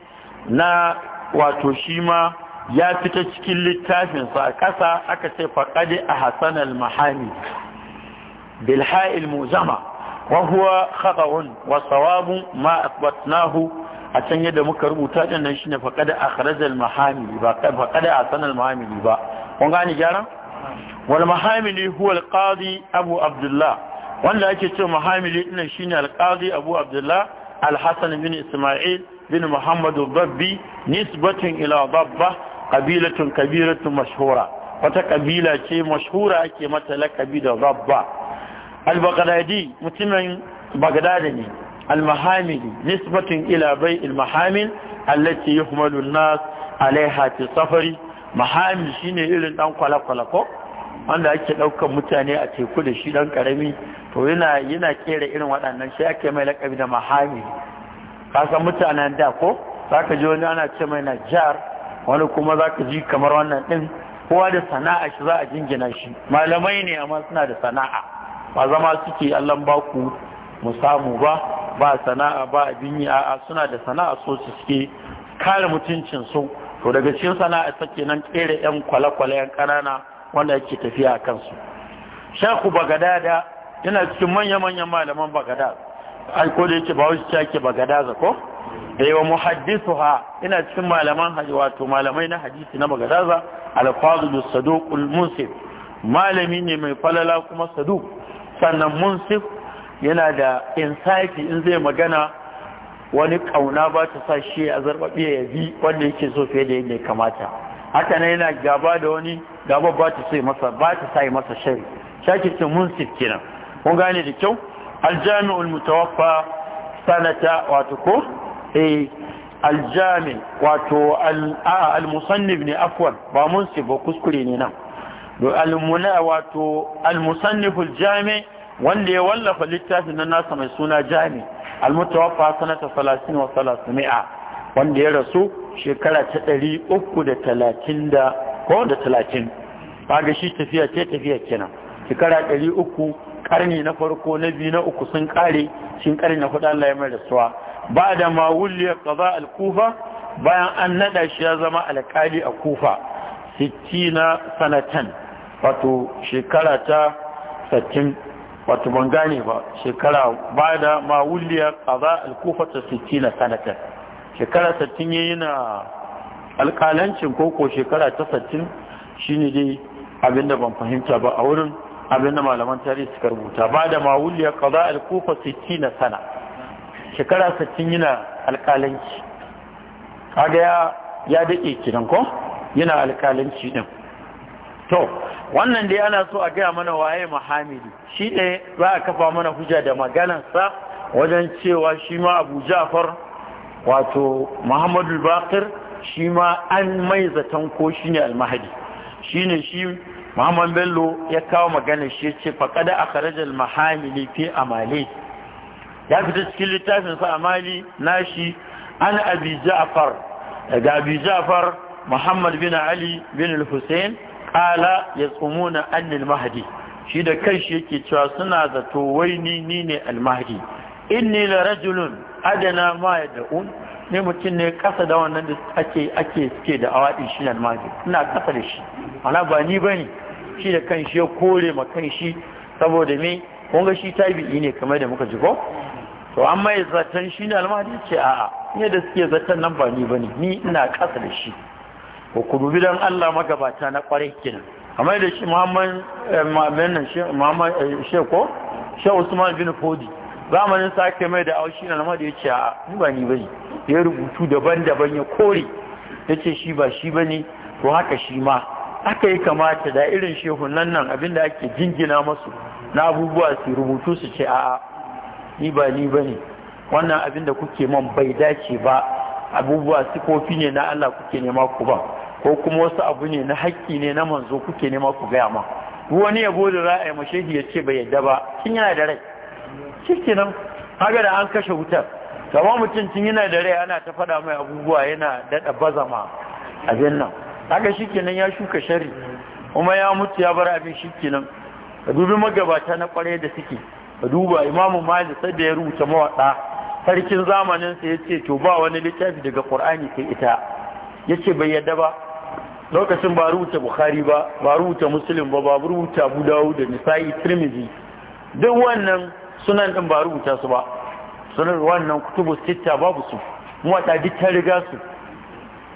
na wato shi ma ya fita cikin littafinsa a ƙasa aka ce faƙaɗe a hassan al-mahami bilha'il muzama wahuwa khata'un wa sawabun ma asbatnahu a can yadda muka rubuta din nan shine faƙaɗe a al mahami ba faƙaɗe a hassan al-mahami ba kun gane gyaran wal mahamili huwa al-qadi abu abdullah wanda ake ce mahamili din shine al-qadi abu abdullah الحسن بن إسماعيل بن محمد الضبي نسبة إلى ضبة قبيلة كبيرة مشهورة وتقبيلة شيء مشهورة كما تلقبي ضبة البغدادي متمن بغدادي المحامل نسبة إلى بيع المحامل التي يحمل الناس عليها في السفر محامل شيء إلى أن قلق قلقه wanda ake ɗaukan mutane a teku da shi ɗan karami to yana yana kera irin waɗannan shi ake mai lakabi da mahami san mutanen da ko za ka ji wani ana ce mai najar wani kuma za ka ji kamar wannan ɗin kowa da sana'a shi za a jingina shi malamai ne amma suna da sana'a ba zama suke allon baku mu samu ba ba sana'a ba abin yi a'a suna da sana'a so su suke kare mutuncin su to daga cikin sana'a take nan kera yan kwale-kwale yan ƙanana wanda yake tafiya a kansu shaku bagadada yana cikin manya-manyan malaman bagada ai ko da yake ba wasu yake bagadaza ko eh wa muhaddithuha yana cikin malaman hadisi wato malamai na hadisi na bagadaza al-fadil saduq al-munsif malami ne mai falala kuma saduq sannan munsif yana da insafi in zai magana wani kauna ba ta sa shi a zarbabiya ya bi wanda yake so fiye da yadda ya kamata haka ne yana gaba da wani gaba ba ta sai masa ba ta sai masa shari shaki ce munsif kenan kun gane da kyau aljami'ul mutawaffa sanata wato ko eh aljami wato al-musannif ne afwan ba mun munsif ba kuskure ne nan do al-muna wato al-musannif al-jami wanda ya wallafa littafin nan nasa mai suna jami al-mutawaffa sanata 30 wa 300 wanda ya rasu shekara ta ɗari uku da talatin da ko da talatin kaga shi tafiya ce tafiya kenan shekara ɗari uku ƙarni na farko na biyu na uku sun ƙare, shin ƙarni na hudu Allah ya mai rasuwa ba da ma wuliya ƙaza al kufa bayan an naɗa shi ya zama alƙali a kufa sittina sanatan wato shekara ta 60 wato ban gane ba shekara ba da ma wuliya ƙaza al kufa ta sittina sanatan shekara sattin ya yi na ko, koko shekara ta sattin shi ne dai abinda ban fahimta ba a wurin abinda malaman tarihi suka rubuta ba da ya kaza alkufa sittin na sana shekara sattin yana alƙalanci kaga ya ya daɗe kiran ko yana alƙalanci ɗin to wannan dai ana so a gaya mana waye muhammadi shi ne za a kafa mana hujja da maganarsa wajen cewa shi ma abu ja'far wato muhammadu bakir shi ma an mai zaton ko shi ne almahadi shi ne shi Muhammadu bello ya kawo magana shi ce faƙada a karajar mahamili fi amali ya fita cikin littafinsa amali shi an abi ja'far daga abi ja'far muhammad bin ali bin hussein ƙala ya tsumuna annin mahadi shi da kanshi yake cewa suna zato wai ni ni ne almahadi inni la rajulun adana ma ya un ne mutum ne kasa da wannan da ake ake suke da awaɗi shi na ma ina kasa da shi ana ba ni bane shi da kan shi ya kore ma kan shi saboda me kun ga shi tabi'i ne kamar da muka ji ko to amma ya zaton shi ne almahdi ce a'a ne da suke zaton nan ba ni bane ni ina kasa da shi ko ku dubi dan Allah magabata na kwarai kenan kamar da shi Muhammad Muhammad eh, nan shi Muhammad eh, shi ko Shehu Usman bin Fodi zamanin sake mai da aushi na lamar ya ce a ni ba ni bane ya rubutu daban-daban ya kore ya ce shi ba shi bane ko haka shi ma Aka yi kamata da irin shehun nan abinda ake jingina masu na abubuwa su rubutu su ce a ni ba ni bane wannan abinda kuke man bai dace ba abubuwa su kofi ne na Allah kuke nema ku ba ko kuma wasu abu ne na haƙƙi ne na manzo kuke nema ku gaya ma wani yabo da ra'ayi mashehi ya ce bai yadda ba kin yana da rai shikenan kaga da an kashe wutar kamar mutum cin yana da rai ana ta faɗa mai abubuwa yana daɗa bazama abin nan haka kenan ya shuka shari kuma ya mutu ya bar abin kenan ka dubi magabata na kwarai da suke ka duba imamu malik sai ya rubuta mawaɗa sarkin zamaninsa sa yace to ba wani littafi daga qur'ani sai ita yace bai yadda ba lokacin ba rubuta bukhari ba ba rubuta muslim ba ba rubuta abu dawud da nisa'i tirmidhi duk wannan sunan ɗin ba rubuta su ba sunan wannan kutubu sitta babu su muwatsa duk ta riga su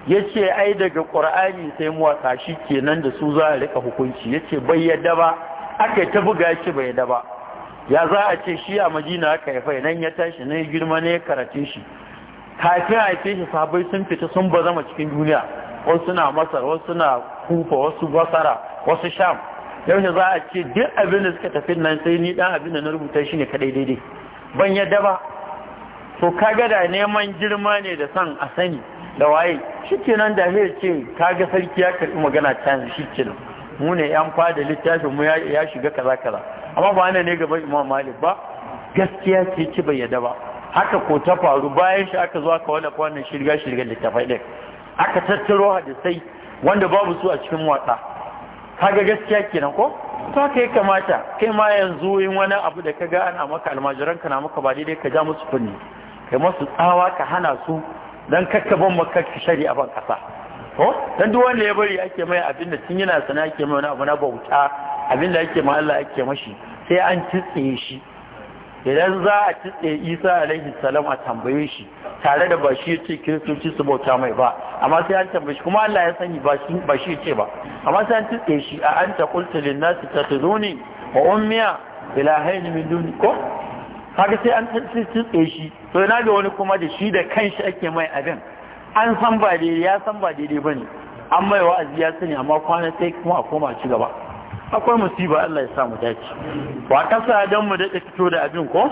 yace ai daga qur'ani sai muwatsa shi kenan da su za a rika hukunci yace bai yadda ba aka ta buga shi bai yadda ba ya za a ce shi a madina aka haifa nan ya tashi nan ya girma ne ya karace shi kafin a ce shi sabai sun fita sun ba zama cikin duniya wasu na masar wasu na kufa wasu basara wasu sham yaushe za a ce duk abin da suka tafi nan sai ni dan abin da na rubuta shi ne kadai daidai ban yadda ba to kaga da neman girma ne da san a sani da waye shikenan da zai ce kaga sarki ya karbi magana ta yanzu shikenan mu ne yan fada littafin mu ya shiga kaza kaza amma ba ne ne gaban Imam Malik ba gaskiya ce ci bai yadda ba haka ko ta faru bayan shi aka zo aka wanda kwanan shirga shirga littafai din aka tattaro hadisai wanda babu su a cikin watsa kaga gaskiya kenan ko to haka kamata kai ma yanzu in wani abu da kaga ana maka almajiran ka na maka ba daidai ka ja musu kunni kai masu tsawa ka hana su dan kakkaban maka shari a ban kasa ko dan duk wanda ya bari ake mai abin da tun yana sana ake mai wani abu na bauta abin da ake ma Allah ake mashi sai an kitse shi idan za a kitse isa alaihi salam a tambaye shi tare da ba shi ya ce kiristoci su bauta mai ba amma sai an tambaye shi kuma Allah ya sani ba shi ya ce ba amma sai an kitse shi a an ta kulta linnasi ta tuzuni wa ummiya ilahaini min duni ko haka sai an kitse shi to yana ga wani kuma da shi da kanshi ake mai abin an san ba daidai ya san ba daidai ba ne. an mai wa'azi ya sani amma kwana sai kuma a koma ci gaba akwai musiba Allah ya sa mu dace ba kasa don mu daɗe fito da abin ko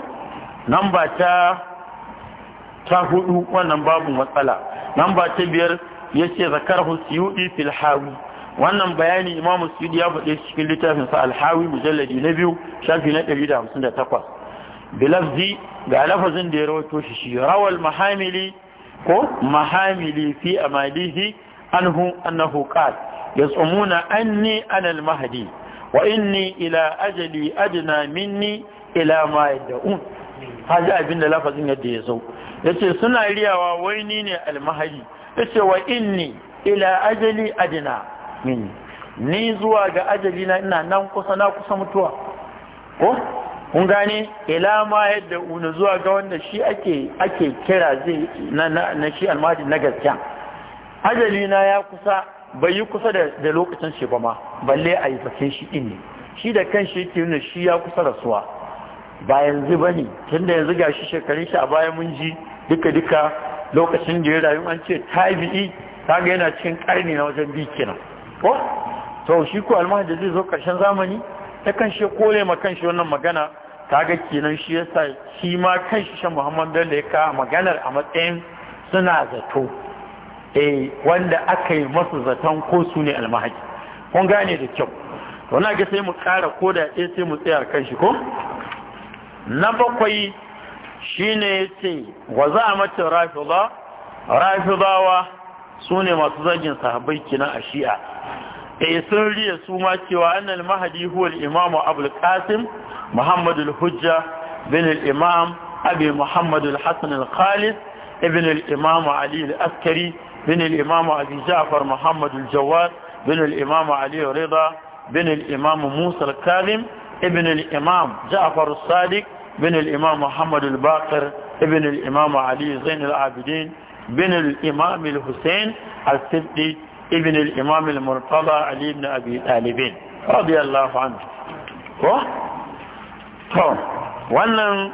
nan ba ta ta hudu wannan babu matsala nan ba ta biyar ya ce zakar husiyudi fil hawi wannan bayani imamu suyudi ya faɗe cikin littafin sa alhawi mujalladi na biyu shafi na 158 bilafzi ga lafazin da ya rawato shi shi rawal mahamili ko mahamili fi amalihi anhu annahu qala yasumuna anni ana al-mahdi wa inni ila ajali adna minni ila ma yad'un haji abin da lafazin yadda ya zo yace suna riyawa wai ni ne almahali yace wa inni ila ajali adna minni ni zuwa ga ajali na ina nan kusa na kusa mutuwa ko kun gane ila ma yadda una zuwa ga wanda shi ake ake kira zai na na shi almahali na gaskiya ajali na ya kusa bai yi kusa da lokacin shi ba ma balle a yi fashe shi din ne shi da kan shi yake nuna shi ya kusa rasuwa ba yanzu ba ne tun da yanzu gashi shekarun shi a baya mun ji duka duka lokacin da ya rayu an ce tabi'i ga yana cikin karni na wajen bi kenan ko to shi ko almahdi da zai zo karshen zamani ta kan shi kole ma kan shi wannan magana Ta ga kenan shi ya sa shi ma kan shi shan Muhammadu bello ya kawo maganar a matsayin suna zato eh wanda aka yi masu zaton ko su ne almahadi kun gane da kyau to na ga sai mu kara koda ɗaya sai mu tsaya kan shi ko na bakwai shine yace wa mata rafida rafidawa su ne masu zagin sahabbai kina a shi'a eh sun riya su ma cewa annal mahadi huwa al-imamu abul qasim muhammad hujja bin al-imam abi muhammad al-hasan al-khalis ibn al-imam ali al-askari بن الإمام أبي جعفر محمد الجواد بن الإمام علي رضا بن الإمام موسى الكاظم ابن الإمام جعفر الصادق بن الإمام محمد الباقر ابن الإمام علي زين العابدين بن الإمام الحسين السبتي ابن الإمام المرتضى علي بن أبي طالبين رضي الله عنه wannan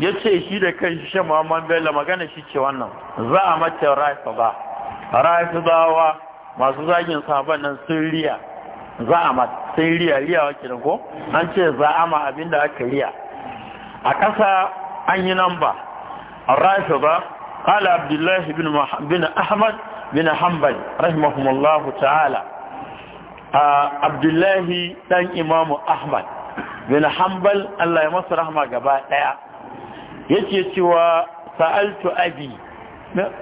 ya ce shi da kan shi shan muhammad bello magana shi ce wannan za a mace rafiza rafizawa masu zagin sabon nan sun riya za a mace sun riya riya wake da ko an ce za a ma da aka riya a ƙasa an yi nan ba raifu ba, الله abdullahi bin ahmad bin hanbal rahimahumallahu ta'ala الله تعالى عبد الله bin hanbal Allah ya masa rahma gaba daya yake cewa sa'altu abi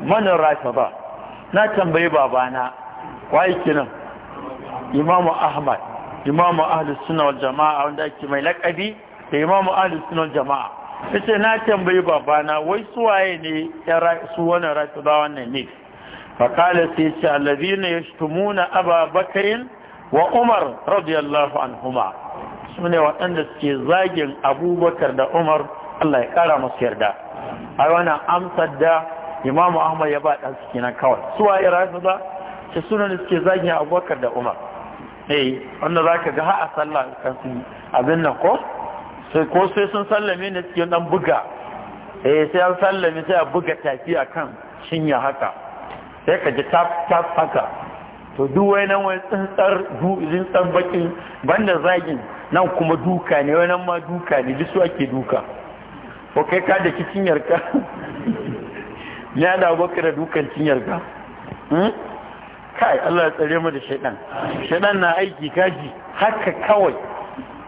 man rafida na tambayi babana wai kinan imamu ahmad imamu ahlus sunna wal jamaa wanda ake mai lakabi da imamu ahlus sunna wal jamaa yace na tambayi babana wai suwaye ne su wannan rafida wannan ne فقال سيسي الذين يشتمون أبا بكر وعمر رضي الله عنهما سنة وأن suke zagin Abubakar da Umar? Allah ya kara musu yarda ai wannan amsar da Imam Ahmad ya ba dan su kenan kawai suwa irafida ce sunan suke zagi Abubakar da Umar eh wanda zaka ga ha a sallah kan su abin nan ko sai ko sai sun sallame ne suke dan buga eh sai an sallame sai a buga tafi akan shinya haka sai ka ji tap tap haka to duk wai nan wai tsantsar tsantsar bakin banda zagin nan kuma duka ne wai nan ma duka ne duk su ake duka ko kai ka da ki cinyar ka ne ana baka da dukan cinyar ka hmm? kai Allah ya tsare mu da shaidan shaidan na aiki kaji haka kawai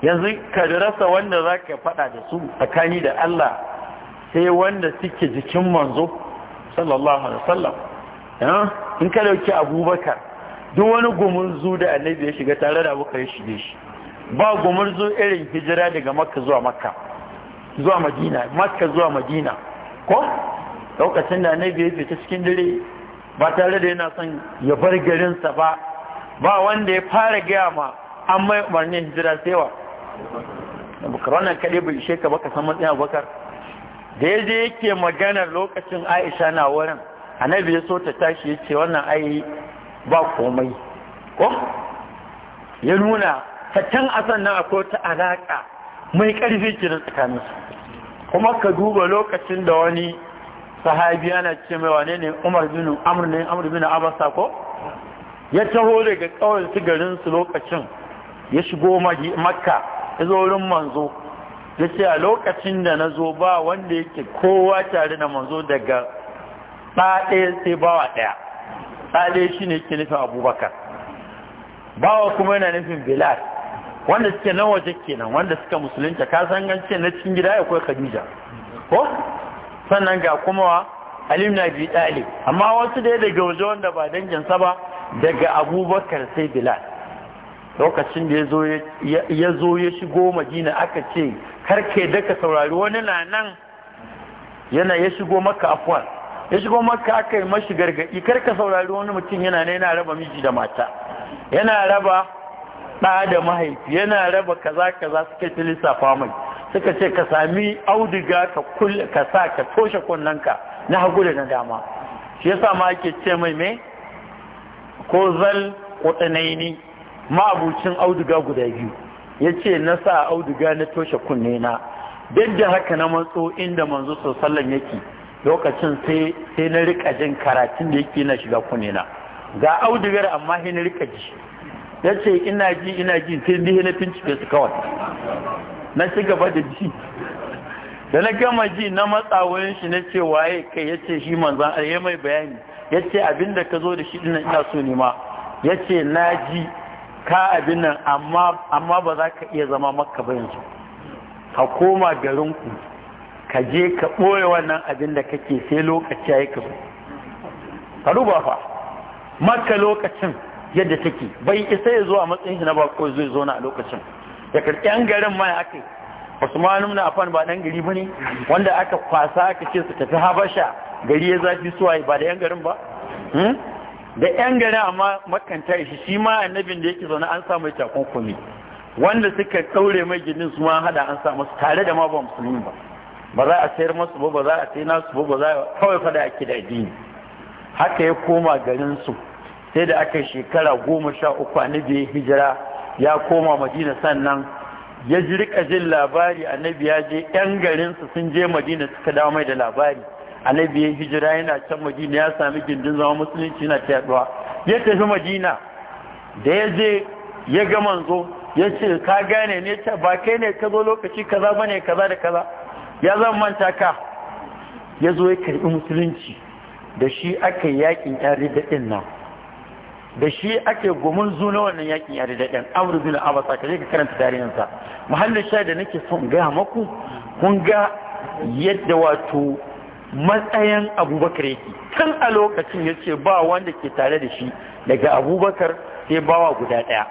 yanzu ka rasa wanda za ka faɗa da su tsakani da Allah sai wanda suke jikin manzo sallallahu alaihi wasallam in ka dauki abubakar duk wani gumurzu da annabi ya shiga tare da abubakar ya shige shi ba gumurzu irin hijira daga makka zuwa makka zuwa madina makka zuwa madina ko lokacin da annabi ya fita cikin dare ba tare da yana son ya bar garinsa ba ba wanda ya fara gaya ma an mai umarnin hijira sewa bukar wannan kaɗai bai ishe ka baka san matsayin abubakar da ya je yake maganar lokacin aisha na wurin annabi ya so ta tashi ya ce wannan ai ba komai ko ya nuna ta can asan nan akwai ta alaƙa mai ƙarfi ke da tsakaninsu kuma ka duba lokacin da wani sahabi yana ce mai wane ne umar bin amur ne amur bin abasa ko ya taho daga kawai su garin su lokacin ya shigo makka ya zo wurin manzo ya ce a lokacin da na zo ba wanda yake kowa tare da manzo daga ɗaɗe sai bawa ɗaya ɗaɗe shi ne ke nufin abubakar bawa kuma yana nufin bilal wanda suke nan waje kenan wanda suka musulunta ka san gance na cikin gida akwai Khadija ko sannan ga kuma Ali ibn Abi Talib amma wasu da daga waje wanda ba dangin sa ba daga Abubakar sai Bilal lokacin da yazo ya zo ya shigo Madina aka ce karke daka saurari wani na nan yana ya shigo maka afwan ya shigo maka aka yi mashi gargaɗi karka saurari wani mutum yana ne yana raba miji da mata yana raba ɗa da mahaifi yana raba kaza kaza suka ci lissafa mai suka ce ka sami auduga ka ka sa ka toshe kunnanka na hagu da na dama shi yasa ma ake ce mai me ko zal ma ma'abucin auduga guda biyu yace na sa auduga na toshe kunne na duk da haka na matso inda manzo sallallahu yake lokacin sai na rika jin karatun da yake na shiga kunne na ga audugar amma sai na rika ji ya ce ina ji ina ji sai bihe na fincike su kawai na ci gaba da ji da na gama ji na matsa wurin shi na ce waye kai ya ce shi manzan alye mai bayani ya ce abinda ka zo da shi dinnan ina so nema ya ce na ji ka abin nan amma ba za ka iya zama makka ba yanzu ka koma garinku ka je ka ɓoye wannan abin da kake sai lokaci ya yi ka zo ka duba fa makka lokacin yadda take bai isa ya zo a matsayin shi na bako zai zo na a lokacin da karki an garin ma aka Usman ibn Affan ba dan gari bane wanda aka kwasa aka ce su tafi Habasha gari ya zafi suwaye ba da yan garin ba hmm? da yan garin amma makanta shi shi ma annabin da yake zaune an sa mai takunkumi wanda suka daure mai ginin su ma hada an sa musu, tare da ma ba musulmi ba ba za a sayar masu ba ba za a sayar nasu ba ba za a kawai fada ake da addini haka ya koma garin su sai da aka shekara goma sha uku annabi ya hijira ya koma madina sannan ya ji rika jin labari annabi ya je yan garinsu sun je madina suka dawo mai da labari annabi ya hijira yana can madina ya sami gindin zama musulunci yana taɗuwa ya tafi madina da ya je ya ga manzo ya ce ka gane ne ta ba kai ne ka zo lokaci kaza ba ne kaza da kaza ya zan manta ka ya zo ya karbi musulunci da shi aka yi yakin yan ridaɗin nan da shi ake gumin zuna wannan yakin ya da ɗan amur bin abasa ka karanta tarihinsa muhallin sha da nake son gaya maku kun ga yadda wato matsayin abubakar yake Kan a lokacin ya ce ba wanda ke tare da shi daga abubakar sai bawa guda ɗaya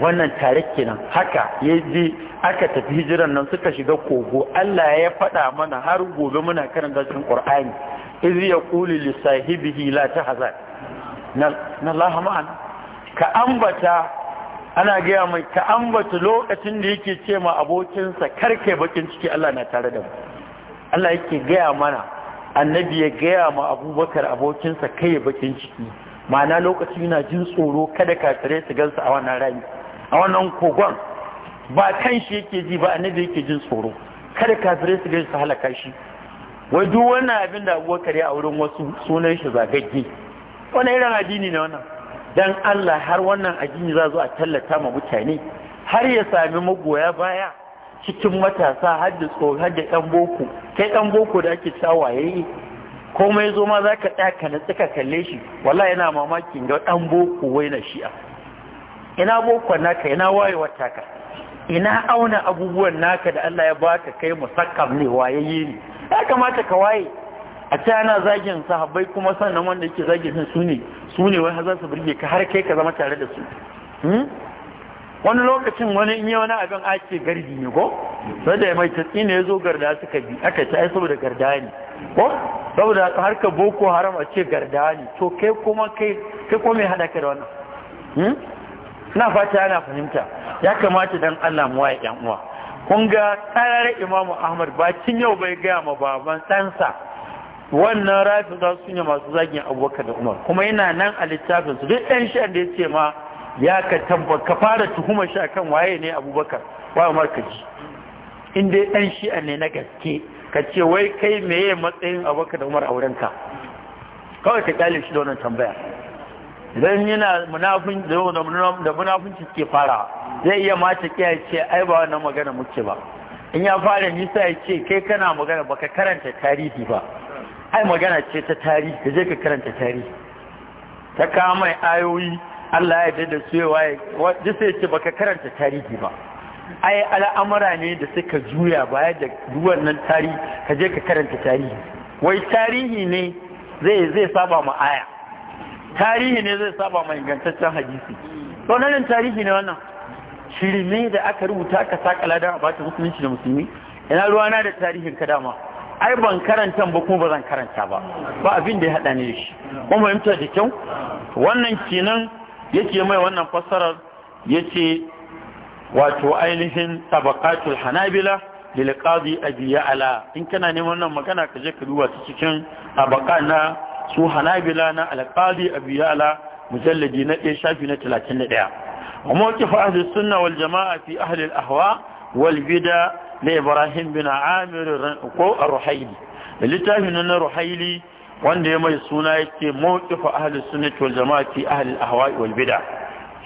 wannan tare kenan haka ya je aka tafi hijiran nan suka shiga kogo Allah ya faɗa mana har gobe muna karanta cikin Qur'ani iz yaqulu li sahibihi la tahzan na Allah ka ambata ana gaya mai ka ambata lokacin da yake ce ma abokinsa karke bakin ciki Allah na tare da mu Allah yake gaya mana annabi ya gaya ma abubakar abokinsa kai bakin ciki ma'ana lokacin yana jin tsoro kada kafirai su gansa a wannan rami a wannan kogon ba kan shi yake ji ba annabi yake jin tsoro kada kafirai su gansa halaka shi wai duk wannan abin da abubakar ya a wurin wasu sunan shi zagagge wani irin addini ne wannan dan Allah har wannan addini za zo a tallata ma mutane har ya sami magoya baya cikin matasa har da har da ɗan boko kai ɗan boko da ake cewa yayi komai zo ma za ka tsaya ka natsi ka kalle shi wala yana mamakin ga ɗan boko wai na shi'a ina boko naka ina wayewar taka ina auna abubuwan naka da Allah ya baka kai musakkam ne wayaye ne ya kamata ka waye a ce ana zagin sahabbai kuma sannan wanda yake zagin sun su ne su ne wai za su burge ka har kai ka zama tare da su hmm? wani lokacin wani in yi wani abin ake gardi ne ko sai da mai tatsi ne ya zo garda suka bi aka ta ai saboda garda ne ko saboda ka boko haram a ce garda ne to kai kuma kai kai kuma mai hada ka da wannan hmm? na fata yana fahimta ya kamata dan Allah mu waye yan uwa kun ga tsararren imamu ahmad ba cin yau bai gaya ma baban sansa wannan rafi za su ne masu zagin abubakar da umar kuma yana nan a littafin su duk ɗan shan da ya ce ma ya ka tabbata ka fara tuhumar shi akan waye ne abubakar wa umar ka ji in dai ɗan shi'a ne na gaske ka ce wai kai meye matsayin abubakar da umar a wurinka kawai ka kyale shi da wannan tambaya idan yana munafin da munafunci ke fara zai iya mata kiyaye ce ai ba wannan magana muke ba in ya fara nisa ya ce kai kana magana baka karanta tarihi ba ai magana ce ta tarihi ka je ka karanta tarihi ta kawo mai ayoyi Allah ya da su yawa ya sai ce baka karanta tarihi ba ai al'amura ne da suka juya baya da duwan nan tarihi ka je ka karanta tarihi wai tarihi ne zai zai saba ma aya tarihi ne zai saba ma ingantaccen hadisi to nan tarihi ne wannan shirme da aka rubuta aka saka ladan a bata musulunci da musulmi ina ruwana da tarihin ka dama ai ban karanta ba kuma ba zan karanta ba ba abin da ya haɗa ne shi kuma fahimta da kyau wannan kenan yake mai wannan fassarar yace wato ainihin tabaqatul hanabila lil qadi abi ala in kana neman wannan magana ka je ka duba ta cikin abaka na su hanabila na al qadi abi ala mujalladi na ɗaya shafi na 31 amma wakifa ahli sunna wal jamaa fi ahli al ahwa wal bid'a na ibrahim bin amir ko ruhaili littafin na ruhaili wanda ya mai suna yake mawqifa ahli sunnati wal jama'ati ahli ahwa'i wal bid'a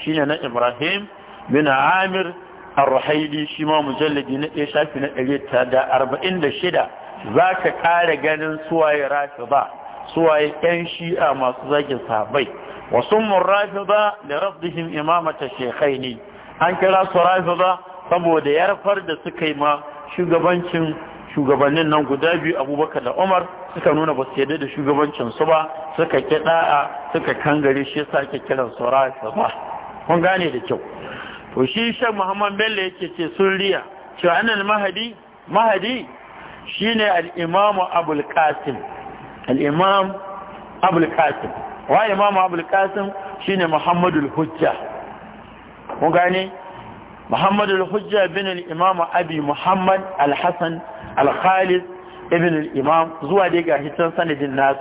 shine na ibrahim bin amir ar-ruhaili shi ma mujalladi na ɗaya shafi na ɗari ta da arba'in da shida za ka ƙara ganin suwaye rafida suwaye ƴan shi'a masu zagin sahabbai wasu mun rafida da rabdihim imamata ne. an kira su rafida saboda yarfar da suka yi ma shugabancin shugabannin nan guda biyu abubakar da umar suka nuna ba su yadda da shugabancin su ba suka ki da'a suka kangare shi sa ake kiran su ba kun gane da kyau to shi shan muhammad bello yake ce sun riya cewa annan mahadi mahadi shi ne al'imamu Abulkasim. Al'imam Abulkasim, wa imamu Abulkasim shi shine muhammadul hujja kun gane محمد الحجة بن الإمام أبي محمد الحسن الخالد ابن الإمام زوا ديغا هتن سند الناس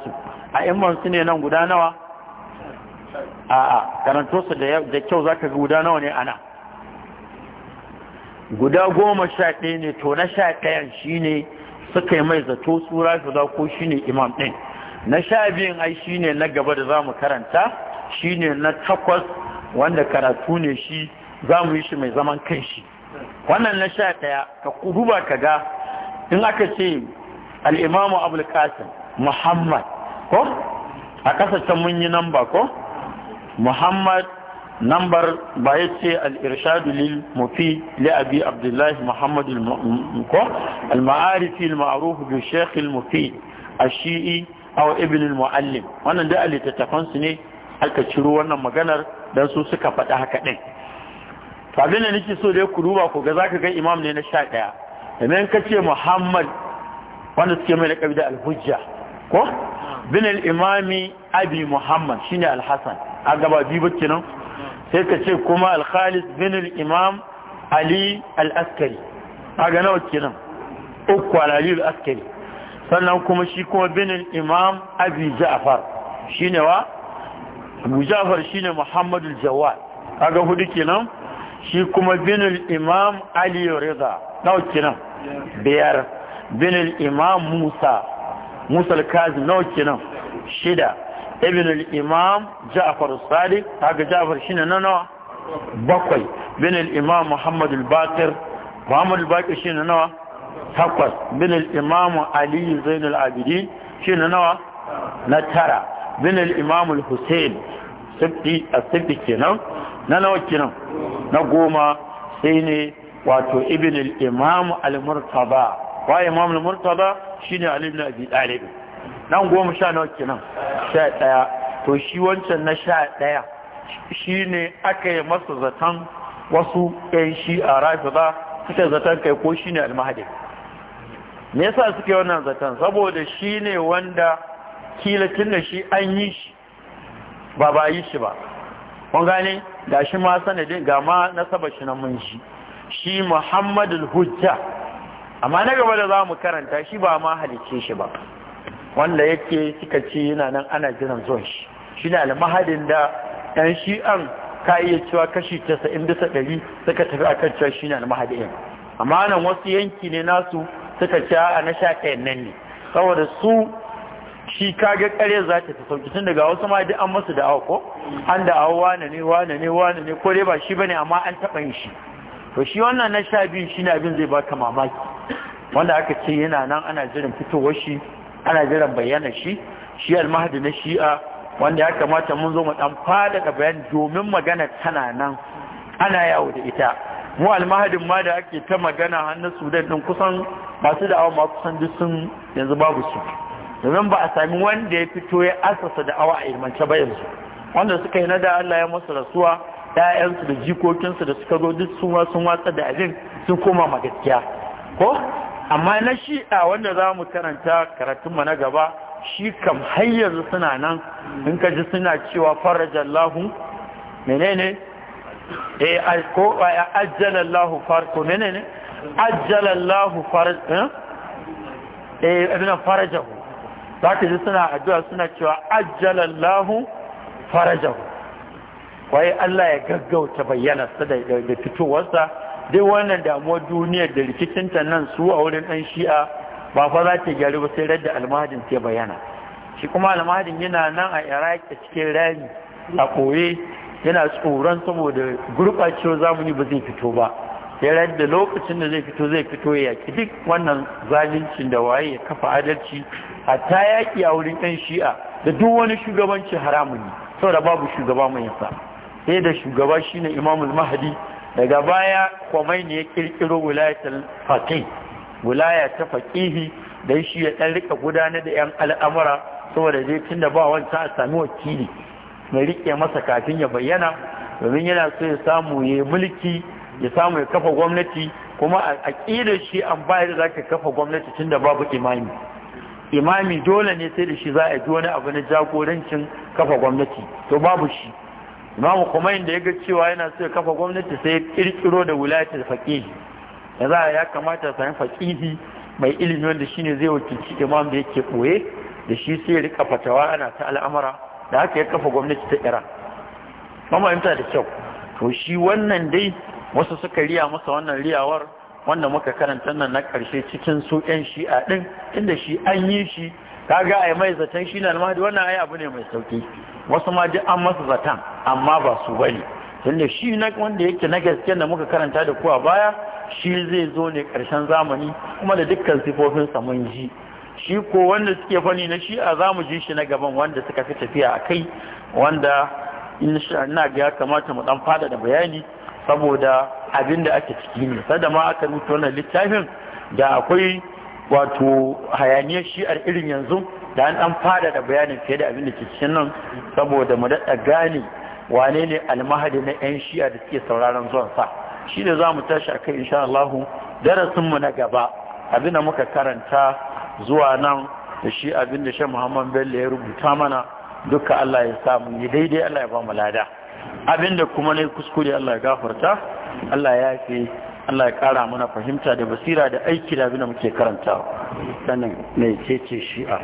أئمة سنة نان غدانوا a'a karanto su da kyau zaka ga guda nawa ne ana guda goma sha ɗaya ne to na sha ɗayan shine suka yi mai zato tsura su guda ko shine imam ɗin na sha biyun ai ne na gaba da za mu karanta shi ne na takwas wanda karatu ne shi za mu yi shi mai zaman kanshi wannan na sha ɗaya ka duba ka ga in aka ce al'imamu abulkasim muhammad ko a can mun yi namba ko muhammad nambar ba ya ce al'irshadu lil mufi li abi abdullahi muhammad ko al-ma'arifi al-ma'ruf bi shekhi al-mufi ash-shi'i aw ibn al-muallim wannan da littattafansu ne aka ciro wannan maganar dan su suka faɗi haka ɗin to abin niki nake so dai ku duba ku ga zaka ga imam ne na 11 idan ka ce muhammad wanda suke mai lakabi da al-hujja ko bin al-imami abi muhammad shine al-hasan a gaba biyu kenan sai ka ce kuma al-khalis bin al-imam ali al-askari a ga nawa kenan uku ali al-askari sannan kuma shi kuma bin al-imam abi ja'far shine wa abu ja'far shine muhammad al-jawad ga hudu kenan shi kuma binul imam ali rida nawa kenan biyar binul imam musa musa al-kazim nawa kenan shida ibn al-imam ja'far sadiq haka ja'far shine na nawa bakwai bin imam muhammad al-baqir muhammad al-baqir shine nawa takwas bin imam ali zain al-abidin shine nawa na tara bin imam al-husayn sabbi as-sabbi kenan na nawa kenan na goma sai ne wato ibn al-imam al-murtaba wa imam al-murtaba shine ali ibn abi talib nan goma sha nawa kenan sha daya to shi wancan na sha daya shine aka yi masa zatan wasu ƴan shi a rafida suka zaton kai ko shine al-mahdi me yasa suke wannan zatan saboda shine wanda kila tunda shi an yi shi ba ba yi shi ba kun gane Da shi ma sanadin ga ma nasaba shi na mun shi shi muhammadul hujja amma na gaba da za mu karanta shi ba ma halicce shi ba wanda yake suka ce yana nan ana jiran zuwan shi shi ne almahadin da ɗan shi'an ka iya cewa kashi casa'in bisa ɗari suka tafi akan cewa shi ne almahadin amma nan wasu yanki ne nasu suka ce a na sha ɗayan nan ne saboda su shi kage kare za ta ta sauki tun daga wasu ma an masu da'awa ko an da'awa wane ne wane ne wane ne ko dai ba shi bane amma an taɓa yin shi to shi wannan na sha biyu shi abin zai baka mamaki wanda aka ce yana nan ana jiran fitowar shi ana jiran bayyana shi shi almahadi na shi'a wanda ya kamata mun zo mu dan fadada bayan domin magana tana nan ana yawo da ita mu almahadin ma da ake ta magana hannun sudan din kusan masu da'awa ma kusan duk sun yanzu babu su domin ba a sami wanda ya fito ya asasa da awa a ilmance ba yanzu wanda suka yi nada Allah ya masu rasuwa ɗayansu da jikokinsu da suka zo duk sun wasu watsa da abin sun koma ma gaskiya ko amma na a wanda za mu karanta karatunmu na gaba shi kam har yanzu suna nan in ka ji suna cewa farajallahu menene eh ko ajjalallahu farko menene ajjalallahu faraj eh? eh, farajahu za ka ji suna addu'a suna cewa ajjalallahu farajahu waye Allah ya gaggauta bayyana da fitowarsa dai wannan damuwar duniyar da rikicinta nan su a wurin ɗan shi'a ba fa za ta gyaru ba sai radda almahadin ta bayyana shi kuma almahadin yana nan a iraki cikin rami a koye yana tsoron saboda gurɓacewar yi ba zai fito ba ya da lokacin da zai fito zai fito ya yaki duk wannan zalincin da waye ya kafa adalci hatta yaki a wurin ɗan shi'a da duk wani shugabanci haramun ne saboda babu shugaba mai yasa sai da shugaba shine imamul mahdi daga baya kwamai ne ya ƙirƙiro wilayatul faqih wilaya ta faqihi dan shi ya ɗan rika gudanar da yan al'amura saboda dai tunda ba wancan a sami wakili mai rike masa kafin ya bayyana domin yana so ya samu ya mulki ya samu ya kafa gwamnati kuma a ƙidar shi an bayar da za ka kafa gwamnati tun da babu imami imami dole ne sai da shi za a ji wani abu na jagorancin kafa gwamnati to babu shi imam kuma da ya ga cewa yana so ya kafa gwamnati sai ya ƙirƙiro da da faƙihi da za ya kamata a sami faƙihi mai ilimi wanda shi ne zai wakilci imam da yake ɓoye da shi sai ya rika fatawa ana ta al'amura, da haka ya kafa gwamnati ta Iran kuma da kyau to shi wannan dai wasu suka riya masa wannan riyawar wanda muka karanta nan na karshe cikin su ƴan shi'a ɗin, inda shi an yi shi a yi mai zaton shi na almahadi wannan ai abu ne mai sauki wasu ma duk an masa zaton amma ba su bane tunda shi na wanda yake na gaske da muka karanta da kuwa baya shi zai zo ne karshen zamani kuma da dukkan sifofin sa mun ji shi ko wanda suke fani na shi a zamu ji shi na gaban wanda suka fi tafiya a kai wanda ina Allah ya kamata mu dan fada da bayani saboda abin da ake ciki ne sada ma aka rubuta wannan littafin da akwai wato hayaniyar shi'ar irin yanzu da an dan fada da bayanin fiye da abin da ke cikin nan saboda mu daɗa gane wane ne almahadi na 'yan shi'a da suke sauraron zuwan sa shi ne za mu tashi a kai insha Allah darasin mu na gaba abin da muka karanta zuwa nan da shi abin da shan Muhammad Bello ya rubuta mana duka Allah ya samu yi daidai Allah ya ba mu lada abinda kuma ne kuskure Allah ya gafarta Allah ya fi Allah ya kara mana fahimta da basira da aiki da abinda muke karantawa sannan mai cece shi'a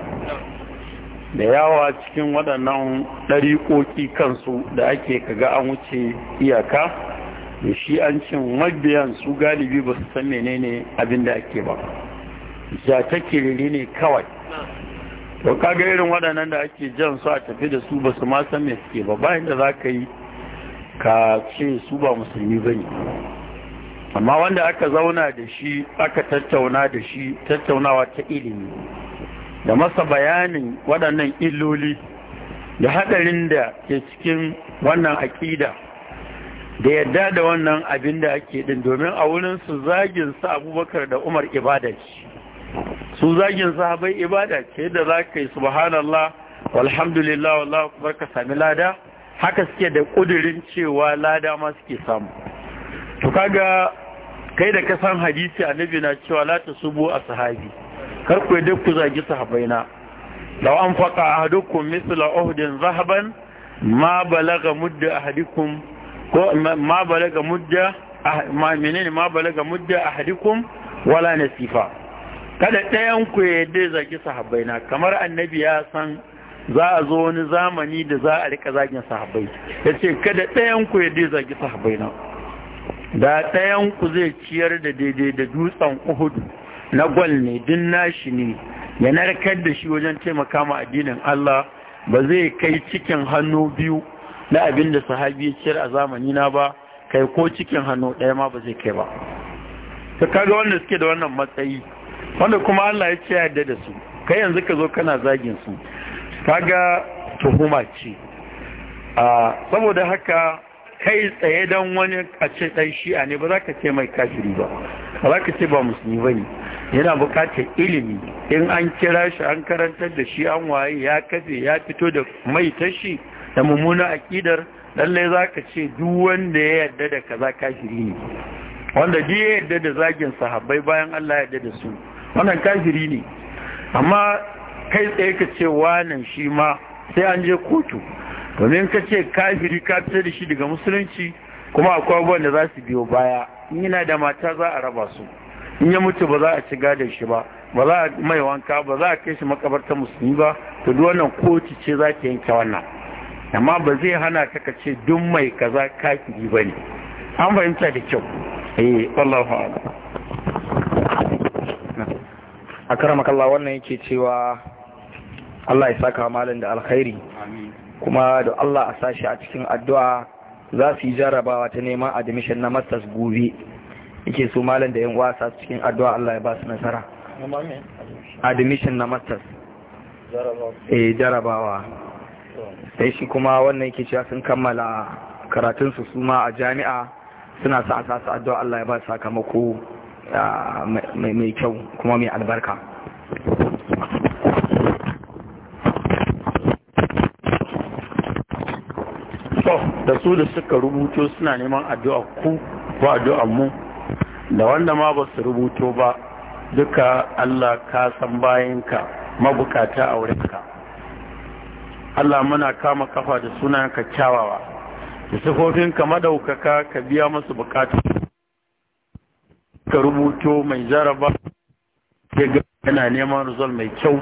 da yawa cikin waɗannan ɗariƙoƙi kansu da ake kaga an wuce iyaka da shi an cin mabiyan su galibi ba su san menene abinda ake ba ya ta kiriri ne kawai to kaga irin waɗannan da ake jan su a tafi da su ba su ma san me suke ba bayan da za ka yi ka ce su ba musulmi ba ne. amma wanda aka zauna da shi aka tattauna da shi tattaunawa ta ilimi da masa bayanin waɗannan illoli da haɗarin da ke cikin wannan aƙida da yadda da wannan abin da ake ɗin domin a wurin su zagin zaginsa abubakar da umar ibada ce su zagin sahabai ibada ce da za ka yi subhanallah walhamdulillah wallah ka sami lada haka suke da ƙudurin cewa lada ma suke samu to kaga kai da ka san hadisi annabi na cewa la tasubu ashabi kar ku yadda ku zagi sahabbaina law an faqa ahadukum mithla uhdin zahaban ma balaga mudda zahaban ko ma balaga mudda ah, ma menene ma balaga mudda wala nasifa kada ɗayan ku yadda zagi sahabbaina kamar annabi ya san za a zo wani zamani da za a rika zagin sahabai. ya ce kada ɗayanku ya dai zagi sahabbai na da ɗayanku zai ciyar da daidai da dutsen uhudu na gwal ne din nashi ne ya narkar da shi wajen taimaka ma addinin Allah ba zai kai cikin hannu biyu na abin da sahabi ya ciyar a zamani na ba kai ko cikin hannu ɗaya ma ba zai kai ba ta kaga wanda suke da wannan matsayi wanda kuma Allah ya ce ya yarda da su kai yanzu ka zo kana zagin su kaga tuhuma ce saboda haka kai tsaye don wani a ce ɗan shi'a ne ba za ka ce mai kafiri ba ba za ka ce ba musulmi ba ne yana bukatar ilimi in an kira shi an karantar da shi an waye ya kafe ya fito da mai tashi da mummuna akidar lallai za ka ce duk wanda ya yarda da kaza kafiri ne wanda duk ya yarda da zagin sahabbai bayan Allah ya yarda da su wannan kafiri ne amma kai tsaye ka ce wanan shi ma sai an je kotu domin ka ce kafiri ka fitar da shi daga musulunci kuma akwai abubuwan da za su biyo baya in yana da mata za a raba su in ya mutu ba za a ci gadon shi ba ba za a mai wanka ba za a kai shi makabartar musulmi ba to duk wannan kotu ce za ta yanke wannan amma ba zai hana ka ka ce duk mai kaza kafiri ba ne an fahimta da kyau eh wallahu a'lam akramakallah wannan yake cewa Allah ya saka malam da alkhairi kuma da Allah a sashi a cikin addu'a za su yi jarabawa ta neman admission na masters gobe yake so malam da yin wasa cikin addu'a Allah ya ba su nasara admission na masters eh jarabawa sai shi kuma wannan yake cewa sun kammala karatunsu su ma a jami'a suna sa a sasu addu'a Allah ya ba su sakamako ah, mai kyau kuma mai albarka da su da suka rubuto suna neman addu'a ku ko addu'a mu da wanda ma ba su rubuto ba duka Allah ka san bayanka mabukata a wurinka Allah muna kama kafa da sunanka kyawawa da ka madaukaka ka biya masu bukatu ka rubuto mai jaraba ke yana neman rizal mai kyau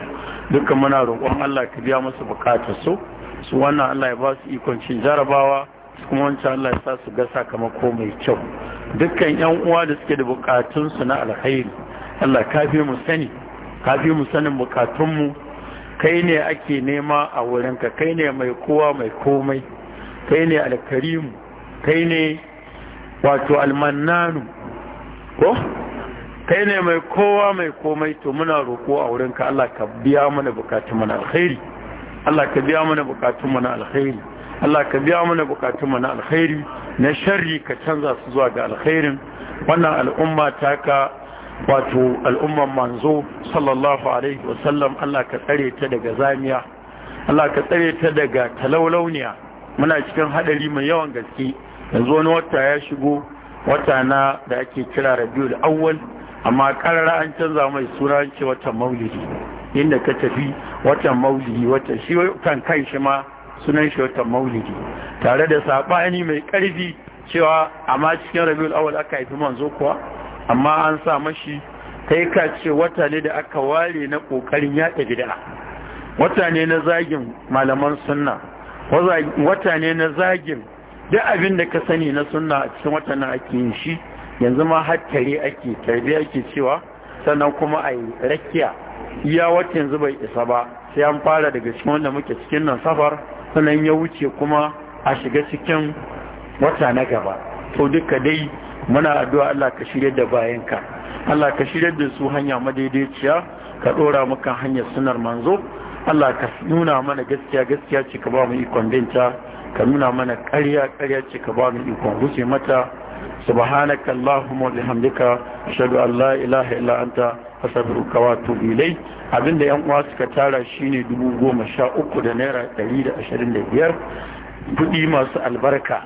duka muna roƙon Allah ka biya masu bukatar su wannan Allah ya ba su ikon cin jarabawa kuma wancan Allah ya sa su ga sakamako mai kyau dukkan yan uwa da suke da bukatun su na alkhairi Allah kafi mu sani kafi mu sanin bukatun mu kai ne ake nema a wurinka kai ne mai kowa mai komai kai ne alkarimu kai ne wato almannanu ko kai ne mai kowa mai komai to muna roko a wurinka Allah ka biya mana bukatun mu na alkhairi Allah ka biya mana bukatun mu na alkhairi Allah ka biya mana bukatunmu na alkhairi na sharri ka canza su zuwa ga alkhairin wannan al'umma ta ka wato al'umman manzo sallallahu alaihi wasallam Allah ka tsare ta daga zamiya Allah ka tsare ta daga talaulauniya muna cikin hadari mai yawan gaske yanzu wani wata ya shigo wata na da ake kira rabiul awwal amma karara an canza mai suna ce watan maulidi inda ka tafi watan maulidi watan shi kan kan shi ma sunan shi maulidi tare da saɓani mai ƙarfi cewa amma cikin rabiul awal aka haifi manzo kuwa amma an sa mashi kai ka ce wata ne da aka ware na ƙoƙarin yaɗa bid'a wata ne na zagin malaman sunna wata ne na zagin duk abin da ka sani na sunna a cikin watan ake yin shi yanzu ma hattare ake tarbi ake cewa sannan kuma a yi rakiya iya wata yanzu bai isa ba sai an fara daga cikin wanda muke cikin nan safar sannan ya wuce kuma a shiga cikin wata na gaba to duka dai muna addu'a Allah ka shirye da bayanka Allah ka shirye da su hanya madaidaiciya ka dora muka hanyar sunar manzo Allah ka nuna mana gaskiya gaskiya ce ka ba mu ikon binta ka nuna mana ƙarya ƙarya ce ka ba mu ikon rufe mata subhanakallahumma wa bihamdika ashhadu an la ilaha illa anta asabiruka wato ilai abinda yan uwa suka tara shine dubu goma sha uku da naira ɗari da ashirin da biyar kuɗi masu albarka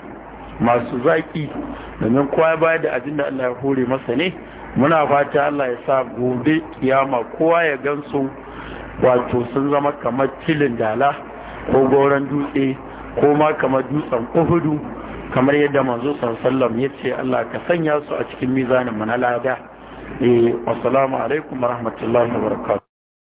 masu zaƙi domin kowa baya da abinda Allah ya hore masa ne muna fata Allah ya sa gobe kiyama kowa ya gansu wato sun zama kamar tilin dala ko goron dutse ko ma kamar dutsen uhudu kamar yadda manzo sallallahu ya ce Allah ka sanya su a cikin mizanin manalada lada eh assalamu alaikum wa barakatu